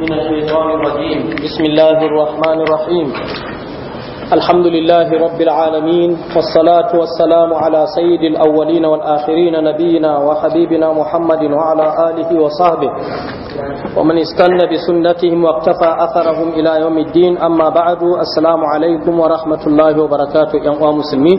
من الشيطان الرجيم بسم الله الرحمن الرحيم الحمد لله رب العالمين والصلاة والسلام على سيد الأولين والآخرين نبينا وحبيبنا محمد وعلى آله وصحبه ومن استنى بسنتهم واقتفى أثرهم إلى يوم الدين أما بعد السلام عليكم ورحمة الله وبركاته يا مسلمين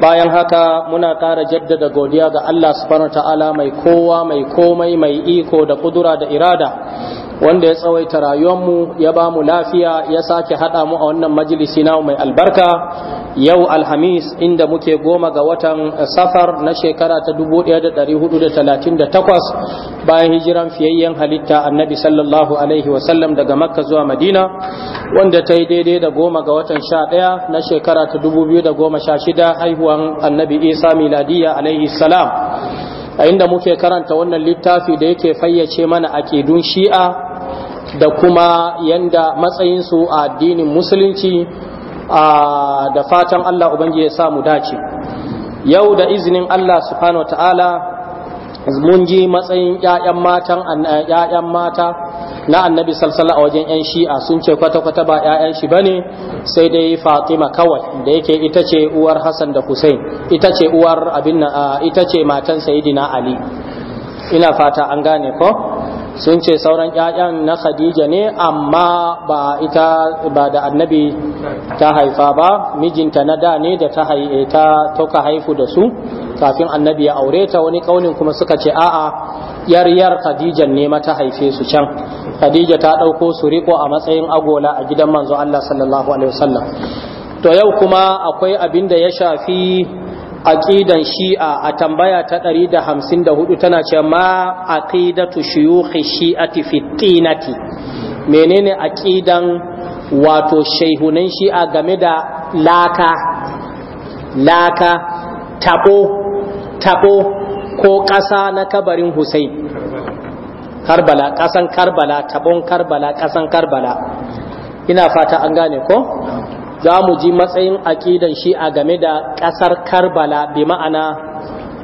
bayan haka muna ƙara jaddada godiya ga Allah subhanahu ta'ala mai kowa mai komai mai iko da kudura da irada wanda ya tsawaita rayuwarmu ya ba mu lafiya ya sake haɗa mu a wannan majalisi na mai albarka yau alhamis inda muke goma ga watan eh, safar na shekara ta 1438 bayan hijiran fiyayyen halitta annabi sallallahu alaihi wasallam daga makka zuwa madina wanda ta yi daidai da goma ga watan sha ɗaya na shekara ta 2016 haihuwan annabi isa miladiya alaihi salam a inda muke karanta wannan littafi da yake fayyace mana aƙidun shi'a da kuma yanda matsayinsu a addinin musulunci da fatan Allah Ubangiji ya samu dace yau da izinin Allah subhanahu ta'ala mun ji matsayin ‘ya'yan matan eh, ƴaƴan mata na annabi salsala a wajen ‘yan shi'a sun ce kwata-kwata ba ƴaƴan shi bane sai dai fatima kawai da yake ita ce uwar hassan da hussein ita ce uwar abin ita ce matan Sayyidina ali ina fata an gane ko sun ce sauran ƴaƴan na khadija ne amma ba ita ba da annabi ta haifa ba mijinta na da ne da ta eh, ta haifu da su kafin annabi ya aure ta wani ƙaunin kuma suka ce a'a yaryar khadija ne mata haife su can khadija ta ɗauko su riko a matsayin agola a gidan manzo Allah sallallahu alaihi wasallam to yau kuma akwai abin da ya shafi aqidan shi'a a tambaya ta 154 tana cewa ma aqidatu shuyukhi shi'ati fi tinati menene aqidan wato shaihunan shi'a game da laka laka tabo tabo ko ƙasa na kabarin Husain? Karbala ƙasan Karbala tabon Karbala ƙasan Karbala ina fata an gane ko za mu ji matsayin aƙidan shi a game da ƙasar karbala bi ma'ana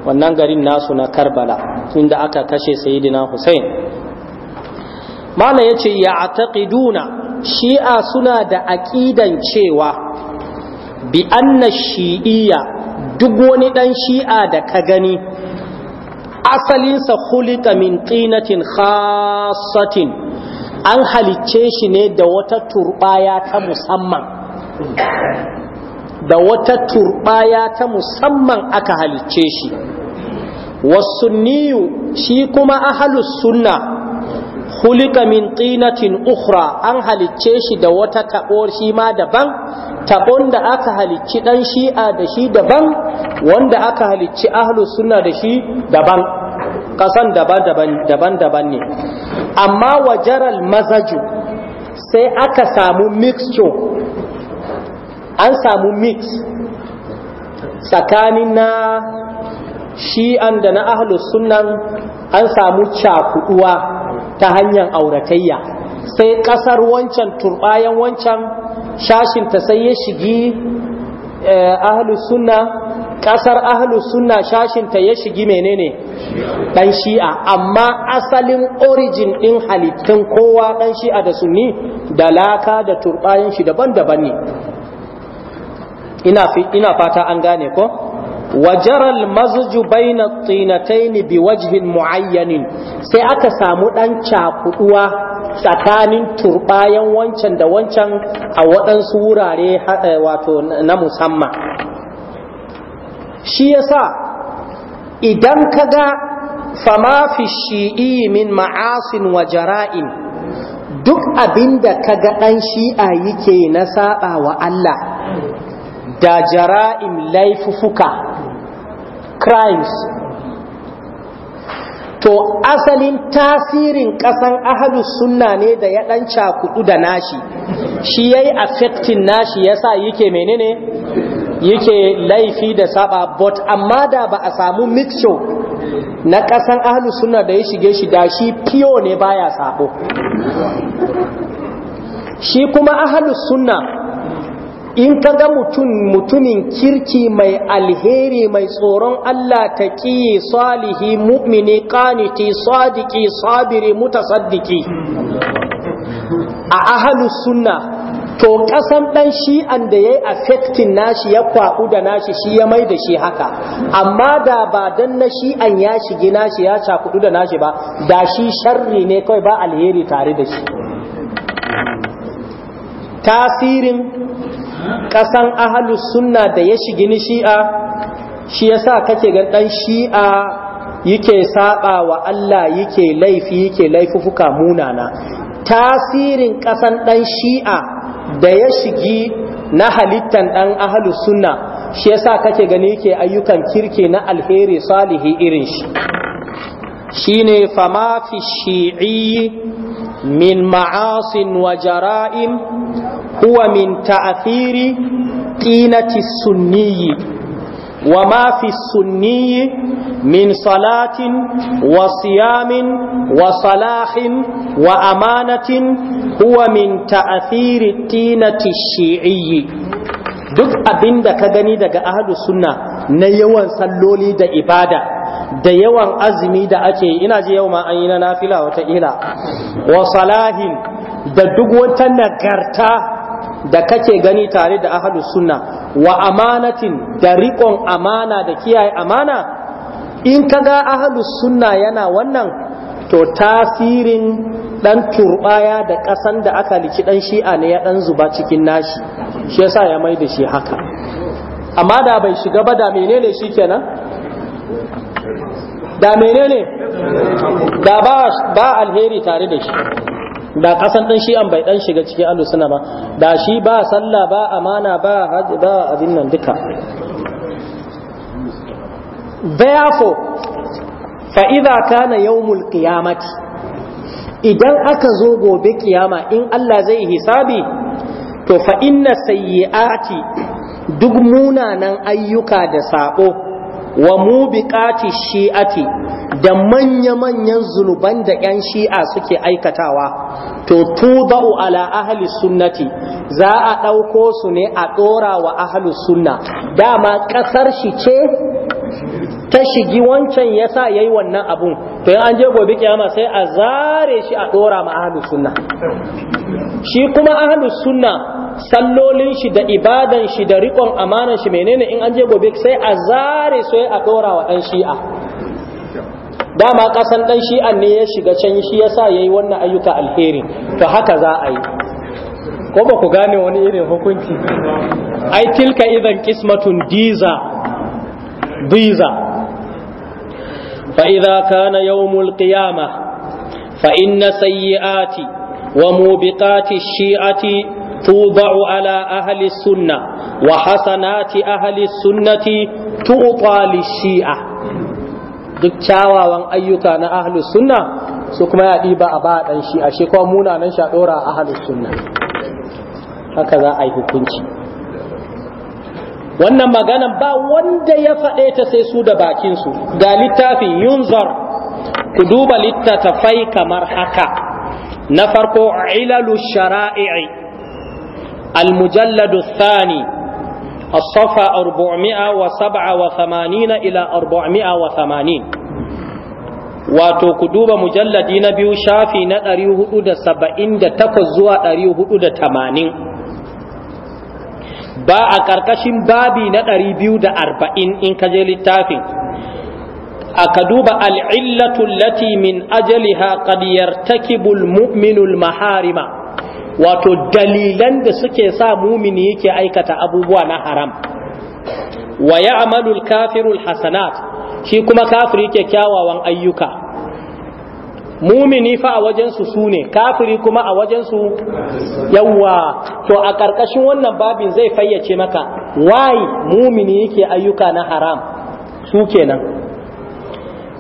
wannan garin nasu na karbala inda aka kashe sayidina hussein mana ya ce ya taƙiduna shi'a suna da aƙidan cewa bi anna shi'iyya duk wani ɗan shi'a da ka gani asalinsa hulika min tinatin khasatin an halicce shi ne da wata turɓaya ta musamman da wata turbaya ta musamman aka halicce shi wasunniyu shi kuma ahalus sunna hulika min tinatin ukhra an halicce shi da wata tabo shi ma daban tabon da aka halicci ɗan shi'a da shi daban wanda aka halicci ahalus sunna da shi daban Kasan daban-daban ne amma wajaral mazaju sai aka samu mixture an samu mix tsakanin na shi'an da na ahlus sunan an samu cakuduwa ta hanyar auratayya sai kasar wancan turbayan wancan shashinta sai ya shigi eh, ahlus sunna kasar ahlus sunna shashinta ya shigi menene dan shi'a amma asalin origin din halittun kowa dan shi'a da sunni da laka da turbayan shi daban-daban ne ina ina fata an gane ko wajaral mazju bayna tinatayn biwajhin muayyanin sai aka samu dan cakuduwa tsakanin turbayan wancan da wancan a waɗansu wurare wato na musamman shi yasa idan kaga fama fi shi'i min ma'asin wa jara'in duk abinda kaga dan shi'a yake na saba wa Allah da jara'im laifufuka crimes to asalin tasirin kasan ahalus sunna ne da ya dan cakudu da nashi shi yayi affecting nashi yasa yake menene yake laifi da saba but amma da ba a samu mixture na kasan ahalus sunna da ya shige shi da shi piyo ne baya sabo shi kuma ahalus sunna in ka ga mutum mutumin kirki mai alheri mai tsoron Allah ta ƙi salihi mu'mini ƙaniti sadiki sabiri mutasaddiki a ahalus sunna to kasan dan shi'an da yayi affecting nashi ya kwaku da nashi shi ya mai da shi haka amma da ba dan na shi'an ya shigi nashi ya kudu da nashi ba da shi sharri ne kawai ba alheri tare da shi tasirin ƙasan ahalus sunna da ya shigi ni shi'a shi yasa kake ga ɗan shi'a yake saba wa Allah yake laifi yake laifuka munana tasirin ƙasan ɗan shi'a da ya shigi na halittan ɗan ahalus sunna shi yasa kake gani yake ayyukan kirke na alheri salihi irin shi shine fama fi shi'i min ma'asin wa jara'im huwa min ta'athiri tinati sunniyi wa ma fi sunniyi min salatin wa siyamin wa salahin wa amanatin huwa min ta'athiri tinati shi'iyyi duk abinda ka gani daga ahlu sunna na yawan salloli da ibada da yawan azumi da ake ina ji yau ma an yi na nafila wata ila wa salahin da duk wata nagarta da kake gani tare da ahlu sunna wa amanatin da riƙon amana da kiyaye amana in kaga ahlu sunna yana wannan to tasirin dan turbaya da ƙasan da aka liki dan shi'a ne ya dan zuba cikin nashi shi yasa ya mai da shi haka amma da bai shiga ba da menene shi kenan da menene da ba alheri tare da shi da kasan dan shi an bai dan shiga cikin ahlus sunna ba da shi ba sallah ba amana ba hajj ba abin nan duka Bayafo, fa idza kana yawmul qiyamati idan aka zo gobe kiyama in Allah zai hisabi to fa inna sayyi'ati duk munanan ayyuka da sabo wa mu mubiqati shi'ati da manya-manyan zunuban da 'yan shi'a suke aikatawa to tuba'u ala ahli sunnati za a ɗauko su ne a ɗora wa ahli sunna dama ƙasar shi ce ta shigi wancan yasa yayi wannan abun to in an je gobe kyama sai a zare shi a dora ma suna sunna shi kuma ahalus sunna sallolin shi da ibadan shi da rikon amanan shi menene in an je gobe sai a zare sai a dora wa dan shi'a dama kasan dan shi'a ne ya shiga can shi yasa yayi wannan ayyuka alheri to haka za a yi ko ba ku gane wani irin hukunci ai tilka idan kismatun diza diza فإذا كان يوم القيامة فإن سيئات وموبقات الشيعة توضع على أهل السنة وحسنات أهل السنة تعطى للشيعة duk kyawawan ayyuka na ahlus sunna su kuma ya ɗiba a ba shi a shekwa muna nan shi a ɗora a ahlus sunna haka za a yi hukunci wannan maganan ba wanda ya faɗe ta sai su da bakinsu ga littafin yunzar ku duba littattafai kamar haka na farko ilalu shara'i'i almujalladu thani الصفا أربعمائة وسبعة وثمانين wato ku duba mujalladi na biyu shafi na 478 zuwa 480 ba a ƙarƙashin babi na ɗari biyu da arba'in in ka je littafin a ka duba al'illatu lati min ajaliha qad takibul muminul maharima wato dalilan da suke sa mumini yake aikata abubuwa na haram wa ya'malu kafirul kafiru hasanat shi kuma kafiri yake kyawawan ayyuka mumini fa a wajensu su ne kafiri kuma a wajensu yawwa to a ƙarƙashin wannan babin zai fayyace maka wai mumini yake ayyuka na haram su kenan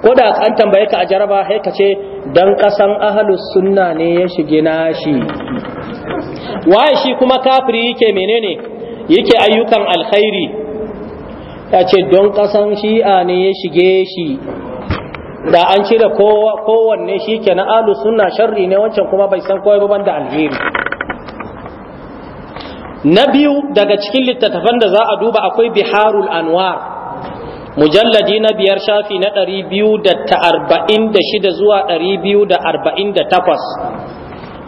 ko da an tambaye ka a jaraba sai ka ce dan ƙasan ahalus sunna ne ya shige na shi wai shi kuma kafiri yake menene yake ayyukan alkhairi ta ce don ƙasan shi'a ne ya shige shi da an cire kowanne shi ke na alu suna sharri ne wancan kuma bai san kowai ba da alheri na biyu daga cikin littattafan da za a duba akwai biharul anwar mujalladi na biyar shafi na ɗari shida zuwa ɗari da arba'in da takwas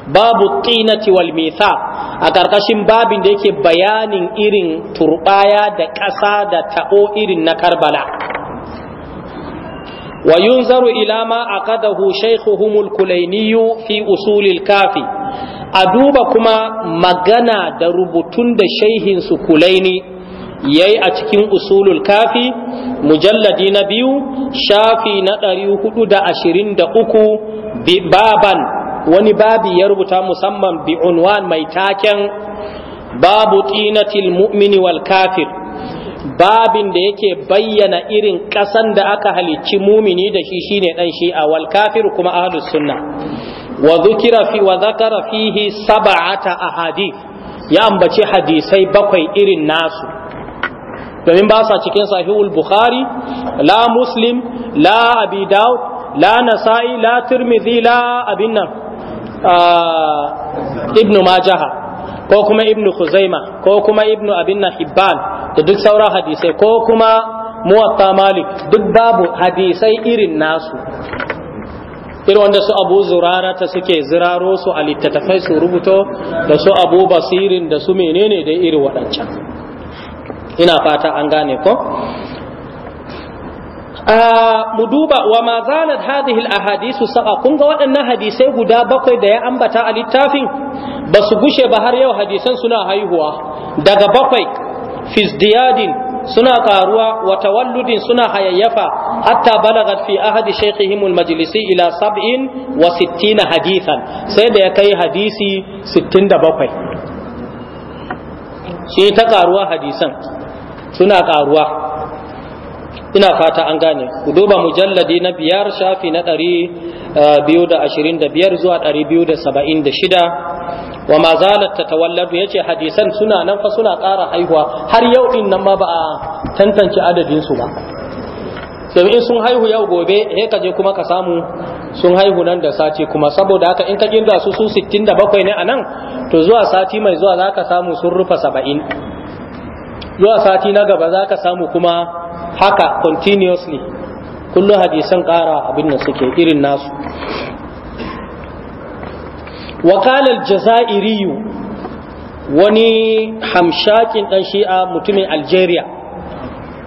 babu tinati wal a ƙarƙashin babin da yake bayanin irin turbaya da ƙasa da taɓo irin na karbala wa yunzaru ila a aqadahu shaykhuhum al-kulaini fi usul kafi a duba kuma magana da rubutun da shaihinsu kulaini yayi a cikin usulul kafi mujalladi na biyu shafi na ɗari hudu da ashirin da uku baban wani babu ya rubuta musamman bi unwan mai taken babu tinatil mu'mini wal kafir babin da yake bayyana irin ƙasan da aka halicci mumini da shi shine dan shi'a wal kafiru kuma ahlus sunna wa dhukira fi wa dhakara fihi sab'ata ahadith ya ambaci hadisai bakwai irin nasu domin ba sa cikin sahihul bukhari la muslim la abi daud la nasa'i la tirmidhi la abin nan ah, ibnu majaha ko kuma ibnu khuzaima ko kuma ibnu abin nahibban da duk sauran hadisai ko kuma muwatta malik duk babu hadisai irin nasu irin wanda su abu zurara ta suke ziraro su a littattafai su rubuto da su abu basirin da su menene da irin waɗancan ina fata an gane ko mu duba wa ma zanat hadhihi al-ahadisu sa'a kun ga waɗannan hadisai guda bakwai da ya ambata a littafin ba su gushe ba har yau hadisan suna haihuwa daga bakwai fizdiyadin suna karuwa wa tawalludin suna hayayyafa hatta balagat fi ahadi shaykhihim almajlisi ila sab'in wa sittina hadithan sai da ya kai hadisi 67 shi ta karuwa hadisan suna karuwa ina fata an gane ku duba mujalladi na biyar shafi na ɗari eh, biyu da ashirin da biyar zuwa ɗari biyu da saba'in da shida wa ma zalat ta tawalladu ya ce hadisan suna nan fa suna kara haihuwa har yau in nan ma ba a tantance adadinsu ba domin in sun haihu yau gobe he ka je kuma ka samu sun haihu nan da sati kuma saboda haka in ka kinda su su 67 ne a nan to zuwa sati mai zuwa za ka samu sun rufa saba'in zuwa sati na gaba za ka samu kuma haka continuously kullum hadisan ƙara abin da suke irin nasu wakalar jaza'iriyu wani hamshakin ɗan shi'a mutumin algeria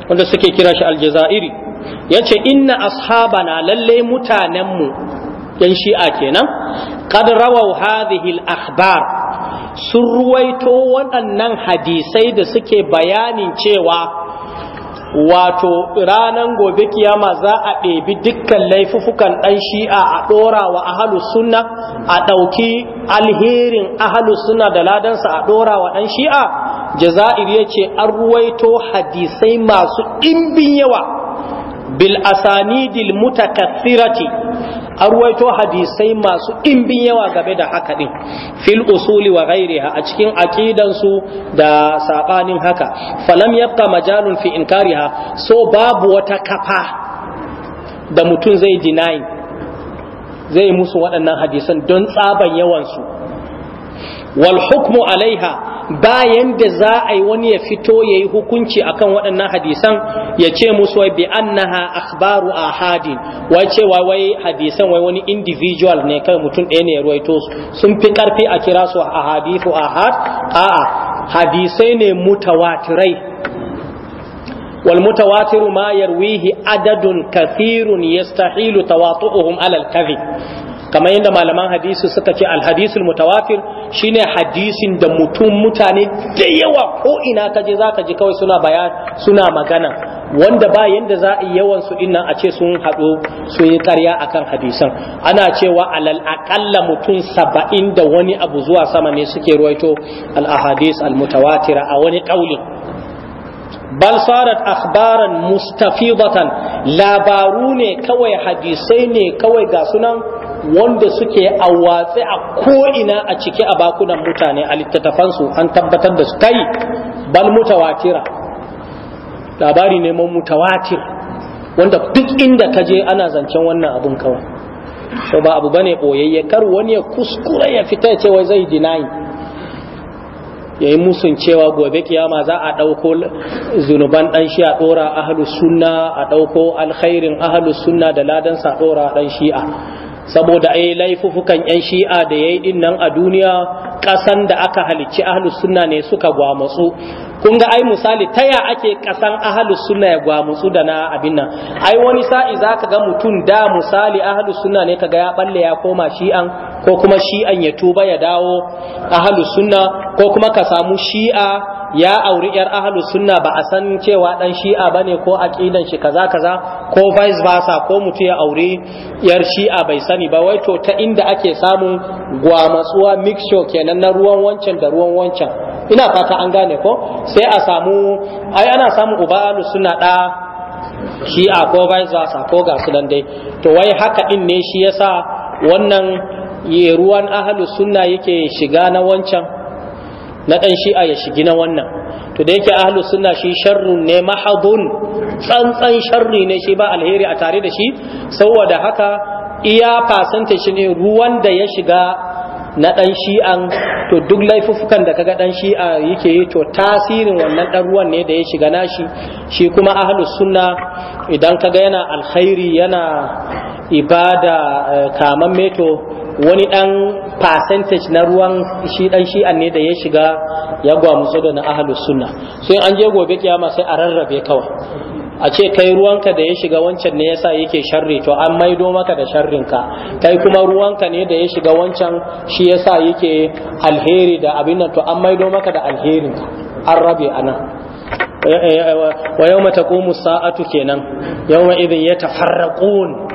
wanda suke kira shi aljaza'iri ya ce inna ashabana lalle mutanenmu yan shi'a kenan qad hadihil hadhihi akhbar sun ruwaito waɗannan hadisai da suke bayanin cewa wato ranar gobe kiyama za a ɗebi dukkan laifufukan ɗan shi'a a ɗora wa ahalus sunna a ɗauki alherin ahalus sunna da ladansa a ɗora wa ɗan shi'a jaza'ir ya ce an ruwaito hadisai masu ɗimbin yawa bil asanidil mutakaththirati arwaito hadisai masu ɗimbin yawa game da haka ɗin fil usuli wa ghairiha a cikin aqidansu da sabanin haka falam yabqa majalun fi inkariha so babu wata kafa da mutum zai deny zai musu waɗannan hadisan don tsaban yawansu wal hukmu alaiha bayan da za a yi wani ya fito ya yi hukunci akan waɗannan hadisan ya ce musu wai bi annaha akhbaru hadin wai ce wai hadisan wai wani individual ne kai mutum ɗaya ne ya ruwaito sun fi ƙarfi a kira su a a ahad a'a hadisai ne mutawatirai wal mutawatiru ma yarwihi adadun kathirun yastahilu tawatu'uhum alal kadhib kamar yadda malaman hadisi suka ce alhadisul mutawafir shine hadisin da mutum mutane da yawa ko ina ka je zaka ji kawai suna bayan suna magana wanda ba yanda za a yawan su dinnan a ce sun haɗu su yi karya akan hadisan ana cewa alal aqalla mutum saba'in da wani abu zuwa sama ne suke ruwaito al ahadis al mutawatira a wani kaulin bal sarat akhbaran mustafidatan labaru ne kawai hadisai ne kawai ga sunan wanda suke a watsi a ko'ina a ciki a bakunan mutane a littattafansu an tabbatar da su yi bal mutawatira labari ne mutawatir wanda duk inda ka je ana zancen wannan abun kawai so ba abu bane boyayyakar kar wani ya kuskura ya fita ya ce zai dinayi ya yi musun cewa gobe kiyama za a ɗauko zunuban ɗan shi a ɗora ahalus a ɗauko alkhairin ahalus da ladansa a ɗora ɗan shi'a saboda ai laifufukan yan shi'a da yayi din nan a duniya ƙasan da aka halicci ahlus sunna ne suka gwamutsu kun ga ai misali ta ya ake ƙasan ahlus sunna ya gwamutsu da na abin nan ai wani sa'i zaka ga mutum da misali ahlus sunna ne kaga ya balle ya koma shi'an ko kuma shi'an ya tuba ya dawo ahlus sunna ko kuma ka samu shi'a ya auri yar ahlus sunna ba a san cewa dan shi'a bane ko aqidan shi kaza kaza ko vice versa ko mutu ya auri yar shi'a bai sani ba wai to ta inda ake samun gwamatsuwa mixture kenan na ruwan wancan da ruwan wancan ina fata an gane ko sai a samu ai ana samun uba ahlus sunna da shi'a ko vice versa ko ga su dai to wai haka din ne shi yasa wannan ruwan ahlus sunna yake shiga na wancan na ɗan shi'a ya shigi na wannan to da yake ahlus sunna shi sharrun ne mahadun tsantsan sharri ne shi ba alheri a tare da shi saboda haka iya fasanta shi ne ruwan da ya shiga na ɗan shi'an to duk laifuffukan da kaga ɗan shi'a yake yi to tasirin wannan ɗan ruwan ne da ya shiga nashi shi kuma ahlus sunna idan kaga yana alkhairi yana ibada eh, kaman meto wani dan percentage na ruwan shi dan shi'an ne da ya shiga ya musu da na ahlus sunna sai an je gobe kiyama sai a rarrabe kawai a ce kai ruwanka da ya shiga wancan ne yasa yake sharri to an maido maka da sharrinka kai kuma ruwanka ne da ya shiga wancan shi yasa yake alheri da abin nan to an maido maka da alherinka an rabe anan eh, eh, wa yawma taqumu sa'atu kenan yawma idhin yatafarraqun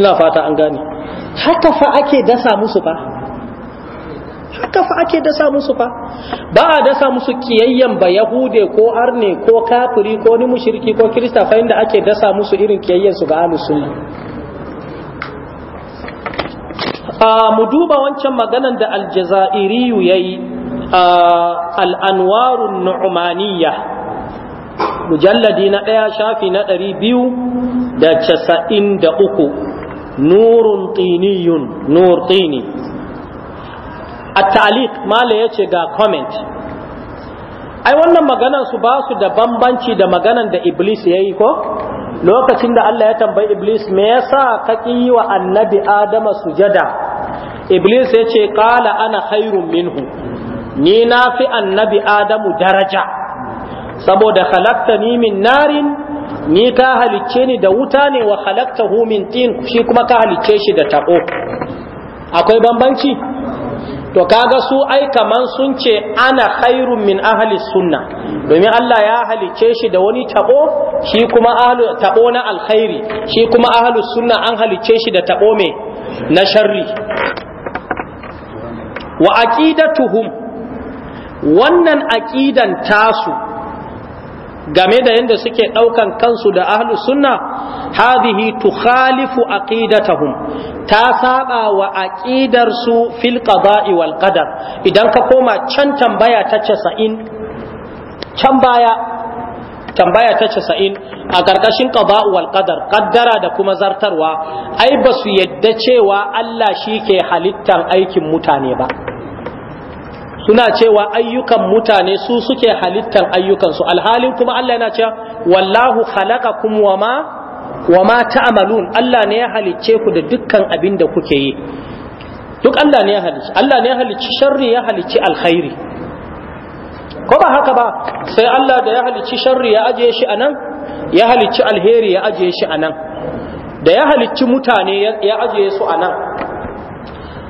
ina fata an gane haka fa ake dasa musu fa haka fa ake dasa musu fa ba a dasa musu kiyayyen ba yahude ko arne ko kafiri ko ni mushriki ko kirista fa inda ake dasa musu irin kiyayyen su ga ahlus a mu duba wancan maganan da aljazairiyu yayi al'anwarun nu'umaniya mujalladi na ɗaya shafi na ɗari biyu da casa'in da uku nurun tiniyun nur tini التعليق ما mala yace ga comment ai wannan maganan su ba su da bambanci da maganan da iblis yayi ko lokacin da Allah ya tambayi iblis me yasa ka yi wa annabi adama sujada iblis ya ce qala ana khairun minhu ni na fi annabi adamu daraja saboda khalaqtani min narin ni ka halicce ni da wuta ne wa khalaqtahu min tin shi kuma ka halicce shi da tako akwai bambanci to kaga su ai kaman sun ce ana khairun min ahli sunna domin Allah ya halicce shi da wani tabo shi kuma ahlu tabo na alkhairi shi kuma ahli sunna an halicce shi da tabo me na sharri wa aqidatuhum wannan aqidan tasu game da yadda suke ɗaukan kansu da ahlu sunna hadhihi tukhalifu aqidatahum ta saba wa aqidar su fil qada'i wal qadar idan ka koma can tambaya ta 90 can baya tambaya ta 90 a karkashin qada'u wal qadar qaddara da kuma zartarwa ai basu yadda cewa Allah shi ke halittar aikin mutane ba suna cewa ayyukan mutane su suke halittar ayyukansu alhalin kuma Allah yana cewa wallahu khalaqakum wama wama ta'malun Allah ne ya halicce ku da dukkan abin da kuke yi duk Allah ne ya halicci Allah ne ya halicci sharri ya halicci alkhairi ko ba haka ba sai Allah da ya halicci sharri ya aje shi anan ya halicci alheri ya aje shi anan da ya halicci mutane ya aje su anan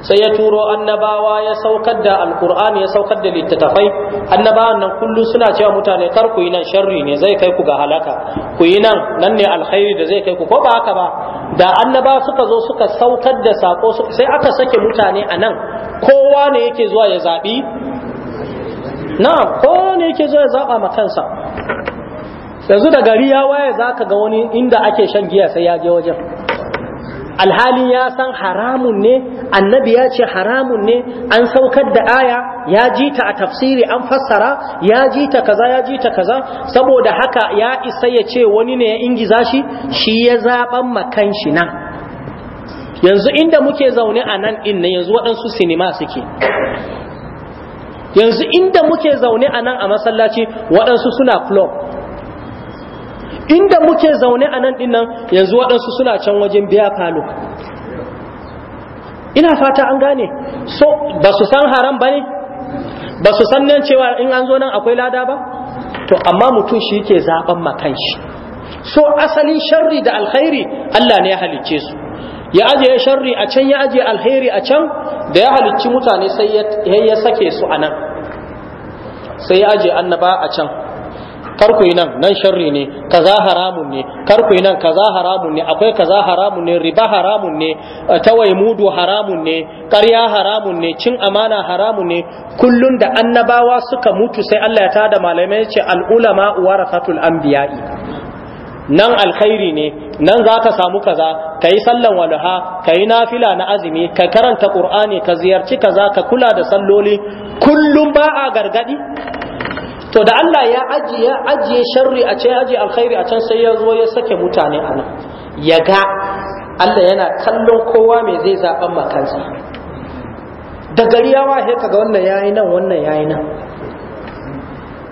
sai ya turo annabawa ya saukar da alkur'ani ya saukar da littattafai annabawan nan kullum suna cewa mutane kar ku yi nan sharri ne zai kai ku ga halaka ku yi nan nan ne alkhairi da zai kai ku ko ba haka ba da annaba suka zo suka saukar da sako sai aka sake mutane a nan kowa ne yake zuwa ya zaɓi na kowa ne yake zuwa ya zaɓa ma kansa yanzu da gari ya waye za ka ga wani inda ake shan giya sai ya je wajen alhali ya san haramun ne annabi ya ce haramun ne an saukar da aya ya ji ta a tafsiri an fassara ya ji ta kaza ya ji ta kaza saboda haka ya isa ya ce wani ne ya ingiza shi shi ya zaben makan shi nan yanzu inda muke zaune a nan din yanzu waɗansu sinima suke yanzu inda muke zaune a nan a masallaci waɗansu suna club inda muke zaune a nan dinnan yanzu waɗansu suna can wajen biya falo ina fata an gane so ba su san haram ba ne ba su san nan cewa in an zo nan akwai lada ba to amma mutum shi yake zaben makan shi so asalin sharri da alkhairi Allah ne ya halicce su ya aje sharri a can ya aje alkhairi a can da ya halicci mutane sai ya sake su a nan sai ya aje annaba a can kar ku yi nan nan sharri ne kaza haramun ne kar ku yi nan kaza haramun ne akwai kaza haramun ne riba haramun ne eh, tawai mudu haramun ne ƙarya haramun ne cin amana haramun ne kullun da annabawa suka mutu sai Allah ya ta da malamai ce al ulama warasatul anbiya'i nan alkhairi ne nan za ka samu kaza ka yi sallan walaha ka yi nafila na azumi ka karanta ƙur'ani ka ziyarci kaza ka kula da salloli kullum ba a gargadi to da Allah ya ajiye ajiye sharri a can ajiye alkhairi a can sai ya zo ya sake mutane a nan ya ga Allah yana kallon kowa mai zai zaɓan makansa da gari ya wahe kaga wannan yayi nan wannan yayi nan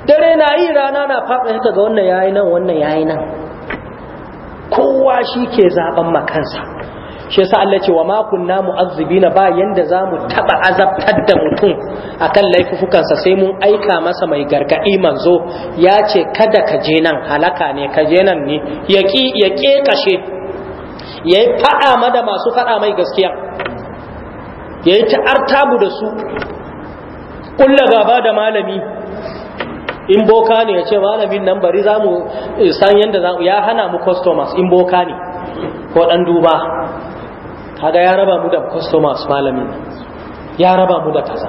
dare na yi rana na faɗa haka ga wannan yayi nan wannan yayi nan kowa shi ke zaɓen makansa shi yasa Allah ce wa ma kunna mu'azzibina ba yanda zamu taba azabtar da mutum akan laifukan sa sai mun aika masa mai gargadi manzo ya ce kada ka je nan halaka ne ka je nan ne Ya ki ya kashe yayi fada mada masu fada mai gaskiya yayi ta'artabu da su kulla gaba da malami in boka ne ya ce malamin nan bari za mu san yadda za ya hana mu customers in boka ne ko dan duba kaga ya raba mu da customers malamin ya raba mu da kaza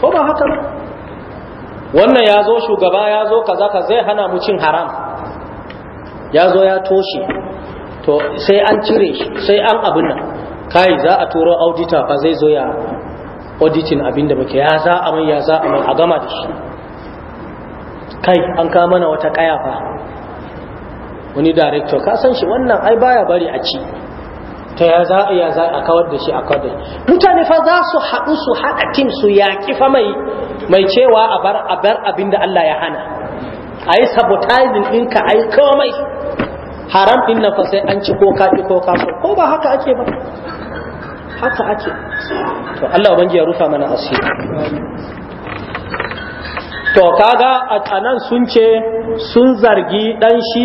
ko ba haka ba wannan ya zo shugaba ya zo kaza ka zai hana mu cin haram ya zo ya toshe to sai an cire shi sai an abin nan kai za a turo auditor fa zai zo ya auditing abin da muke ya za a mai ya za a mai a gama da shi kai an ka mana wata kaya fa wani director ka san shi wannan ai baya bari a ci ta ya za a ya za a kawar da shi a kawar da shi mutane fa za su haɗu su haɗa tim su yaƙi fa mai cewa a bar a abin da Allah ya hana a yi sabotajin ɗinka a yi komai haram ɗin nan fa sai an ci ko kaɗi ko kaso ko ba haka ake ba haka ake to Allah ubangiji ya rufa mana asiri to kaga a nan sun ce sun zargi dan shi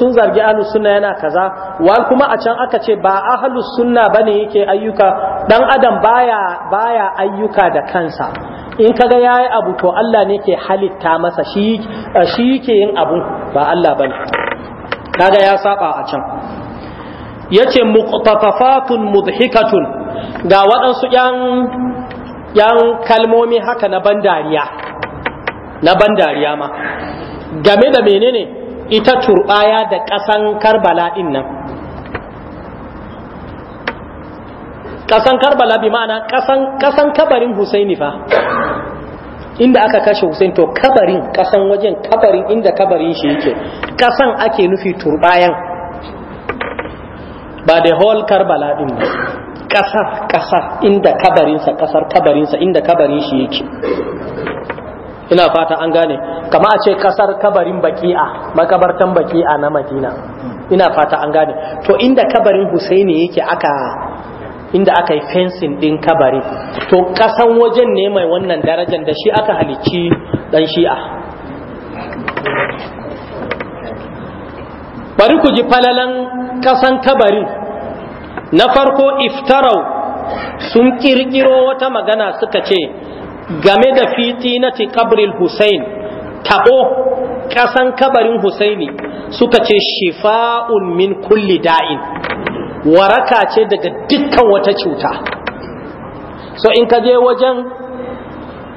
sun zargi sunna yana kaza wa kuma a can aka ce ba ahlus sunna bane yake ayyuka dan adam baya baya ayyuka da kansa in kaga yayi abu to Allah ne ke halitta masa shi shi yake yin abu ba Allah bane kaga ya saba a can yace muqtatafatun mudhikatun ga waɗansu yan yan kalmomi haka na ban dariya na ban dariya ma game da menene ita turbaya da ƙasan karbala din nan ƙasan karbala bi ma'ana ƙasan kabarin husaini fa inda aka kashe husain to kabarin ƙasan wajen kabarin inda kabarin shi yake ƙasan ake nufi turbayan ba da hall karbala din ba ƙasar ƙasar inda kabarinsa ƙasar kabarinsa inda kabarin shi yake ina fata an gane kama a ce kasar kabarin baki'a makabartan baki'a na madina ina fata an gane to inda kabarin husaini yake aka inda aka yi fensin din kabari to kasan wajen ne mai wannan darajar da shi aka halicci dan shi'a bari ku ji falalan kasan kabarin na farko iftarau sun kirkiro wata magana suka ce game da fitinati kabril Hussein tabo kasan kabarin Husaini suka ce shifa'un min kulli da'in waraka ce daga dukkan wata cuta so in ka je wajen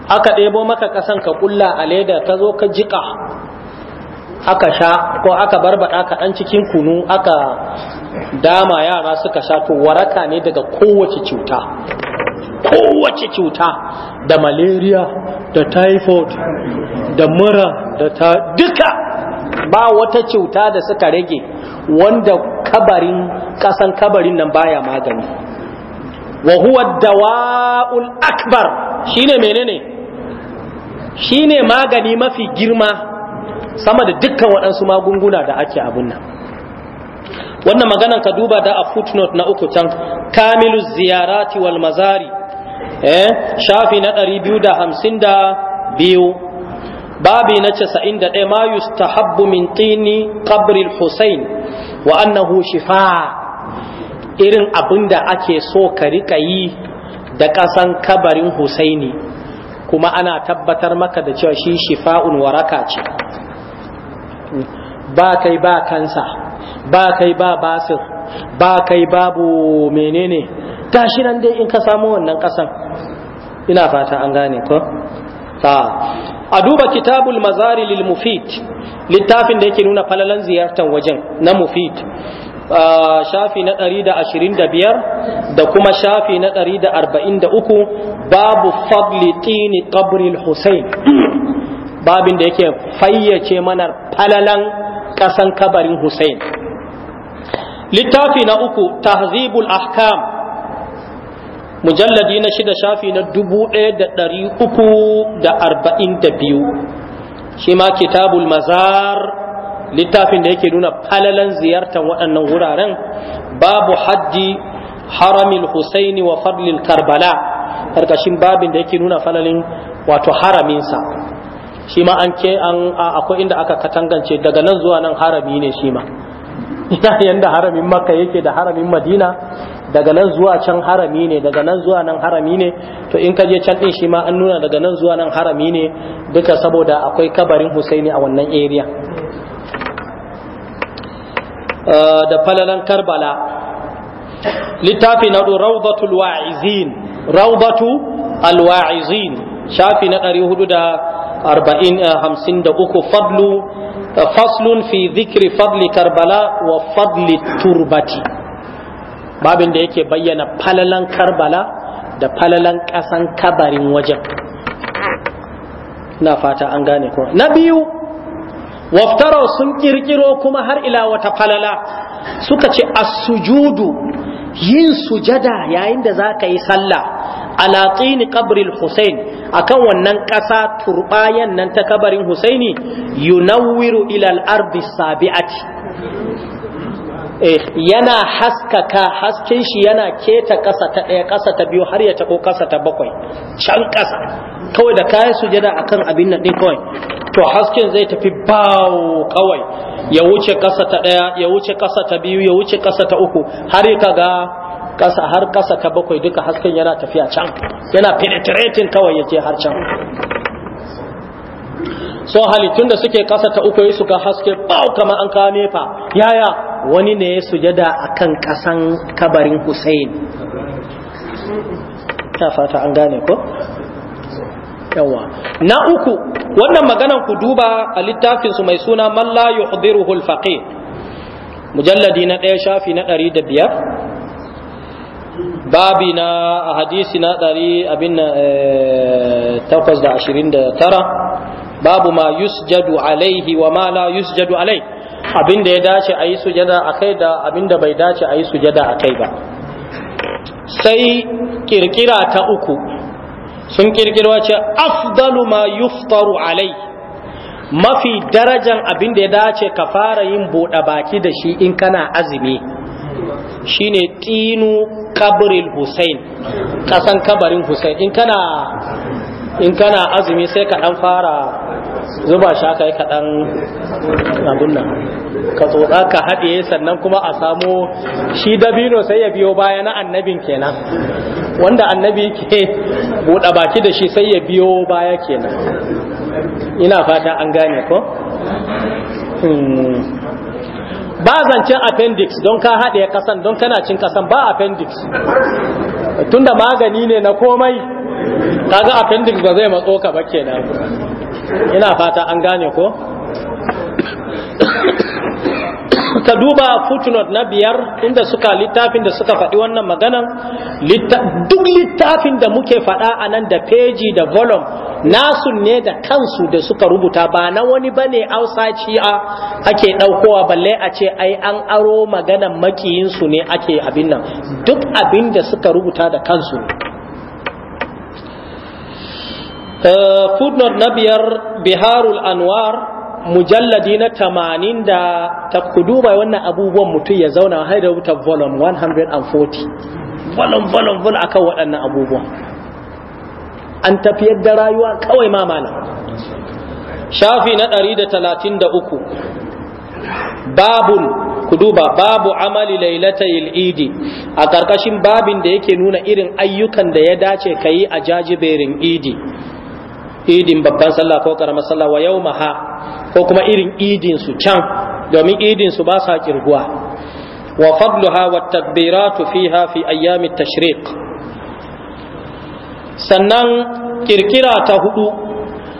aka ɗebo maka kasan ka kulla a leda ka zo ka jika aka sha ko aka barbada ka ɗan cikin kunu aka dama yara suka sha to waraka ne daga kowace cuta kowace cuta da malaria da typhoid da mura da ta duka ba wata cuta da suka rage wanda kabarin kasan kabarin nan baya magani wa huwa dawa'ul akbar shine menene shine magani mafi girma sama da dukkan waɗansu magunguna da ake abun nan wannan maganan ka duba da a footnote na uku can kamilu ziyarati wal mazari Eh, shafi na biyu da da hamsin biyu babi na casa'in ɗaya ma yustahabbu min tini qabri ƙabril wa annahu shifa irin abin da ake so ka rika yi da ƙasan kabarin husaini kuma ana tabbatar maka da cewa shi shifa'un waraka ce ba kai ba kansa ba kai ba basir ba kai babu menene tashi nan dai in ka samu wannan kasan ina fata an gane ko a duba kitabul mazari lil mufid littafin da yake nuna falalan ziyartar wajen na mufid shafi na 125 da kuma shafi na 143 babu fadli tini qabril babin da yake fayyace mana falalan kasan kabarin husain littafi na uku tahzibul ahkam mujalladi na shida shafi na dubu ɗaya da ɗari uku da arba'in da biyu shi ma kitabul mazar littafin da yake nuna falalan ziyartar waɗannan wuraren babu haddi haramil husaini wa fadlil karbala karkashin babin da yake nuna falalin wato haraminsa shi ma an ke an akwai inda aka katangance daga nan zuwa nan harami ne shi ma ina yanda haramin makka yake da haramin madina daga nan zuwa can harami ne daga nan zuwa nan harami ne to in ka je can din shi ma an nuna daga nan zuwa nan harami ne duka saboda akwai kabarin Husaini a wannan area uh, da falalan Karbala littafi na Rawdatul Wa'izin Rawdatu Al-Wa'izin shafi na 453 eh, fadlu eh, faslun fi dhikri fadli Karbala wa fadli turbati babin da yake bayyana falalan karbala da falalan ƙasan kabarin wajen na fata an gane ko na biyu waftaro sun ƙirƙiro kuma har ila wata falala suka ce asujudu sujudu yin sujada yayin da za ka yi sallah ala tsini kabril a akan wannan ƙasa turɓayan nan ta kabarin Husaini yunawwiru ilal ardi sabi'ati Eh, yana haskaka hasken shi yana keta ƙasa ta ɗaya ƙasa ta biyu har ya taɓo ƙasa ta bakwai can ƙasa kawai da kayan sujada a kan abin nan ɗin kawai to hasken zai tafi bawo kawai ya wuce ƙasa ta ɗaya ya wuce ƙasa ta biyu ya wuce ƙasa ta uku har ka ga ƙasa har ƙasa ta bakwai duka hasken yana tafiya can yana penetrating kawai ya je har can so halittun da suke ƙasa ta uku ya suka haske bawo kamar an kawo nefa yaya wani ne ya sujada akan ƙasan kabarin Hussein ta fata an gane ko yawa na uku wannan maganan ku duba a littafinsu mai suna man la yuhdiruhu mujalladi na ɗaya shafi na ɗari da biyar babi na a hadisi na ɗari abin eh, takwas da ashirin da tara babu ma yusjadu alaihi wa ma la yusjadu alaihi abin da ya dace a yi sujada a kai da abin da bai dace a yi sujada a kai ba sai kirkira ta uku sun kirkiro ce afdalu ma yuftaru alai mafi darajan abin da ya dace ka fara yin buɗe baki da shi in kana azumi shine tinu kabril Hussein kasan kabarin Hussein in kana azumi sai ka dan fara zuba shi aka yi kaɗan abin nan ka tsotsa ka haɗe sannan kuma a samo shi dabino sai ya biyo baya na annabin kenan wanda annabi ke buɗe baki da shi sai ya biyo baya kenan ina fata an gane ko hmm. ba zancen appendix don ka haɗe kasan don kana cin kasan ba appendix tunda magani ne na komai kaga appendix ba zai matso ka ba kenan ina fata an gane ko ka duba footnote na biyar inda suka littafin da suka faɗi wannan maganan duk littafin da muke faɗa a nan da peji da volume nasu ne da kansu da suka rubuta ba na wani ba ne shi'a ake ɗaukowa balle a ce ai an aro maganan makiyinsu ne ake abin nan duk abin da suka rubuta da kansu Eh, footnote na biyar biharul anwar mujalladi na tamanin da ta kuduba wannan abubuwan mutum ya zauna har da wuta volume 140 volume volume volume akan waɗannan abubuwan an tafiyar da rayuwa kawai ma malam shafi na 133 babun kuduba babu amali lailatayil idi a karkashin babin da yake nuna irin ayyukan da ya dace yi a jajiberin idi idin babban sallah ko karamar sallah wa yau maha ko kuma irin idin su can domin idin su ba sa kirguwa wa fadluha wa tadbiratu fiha fi ayyamit tashriq sannan kirkira ta hudu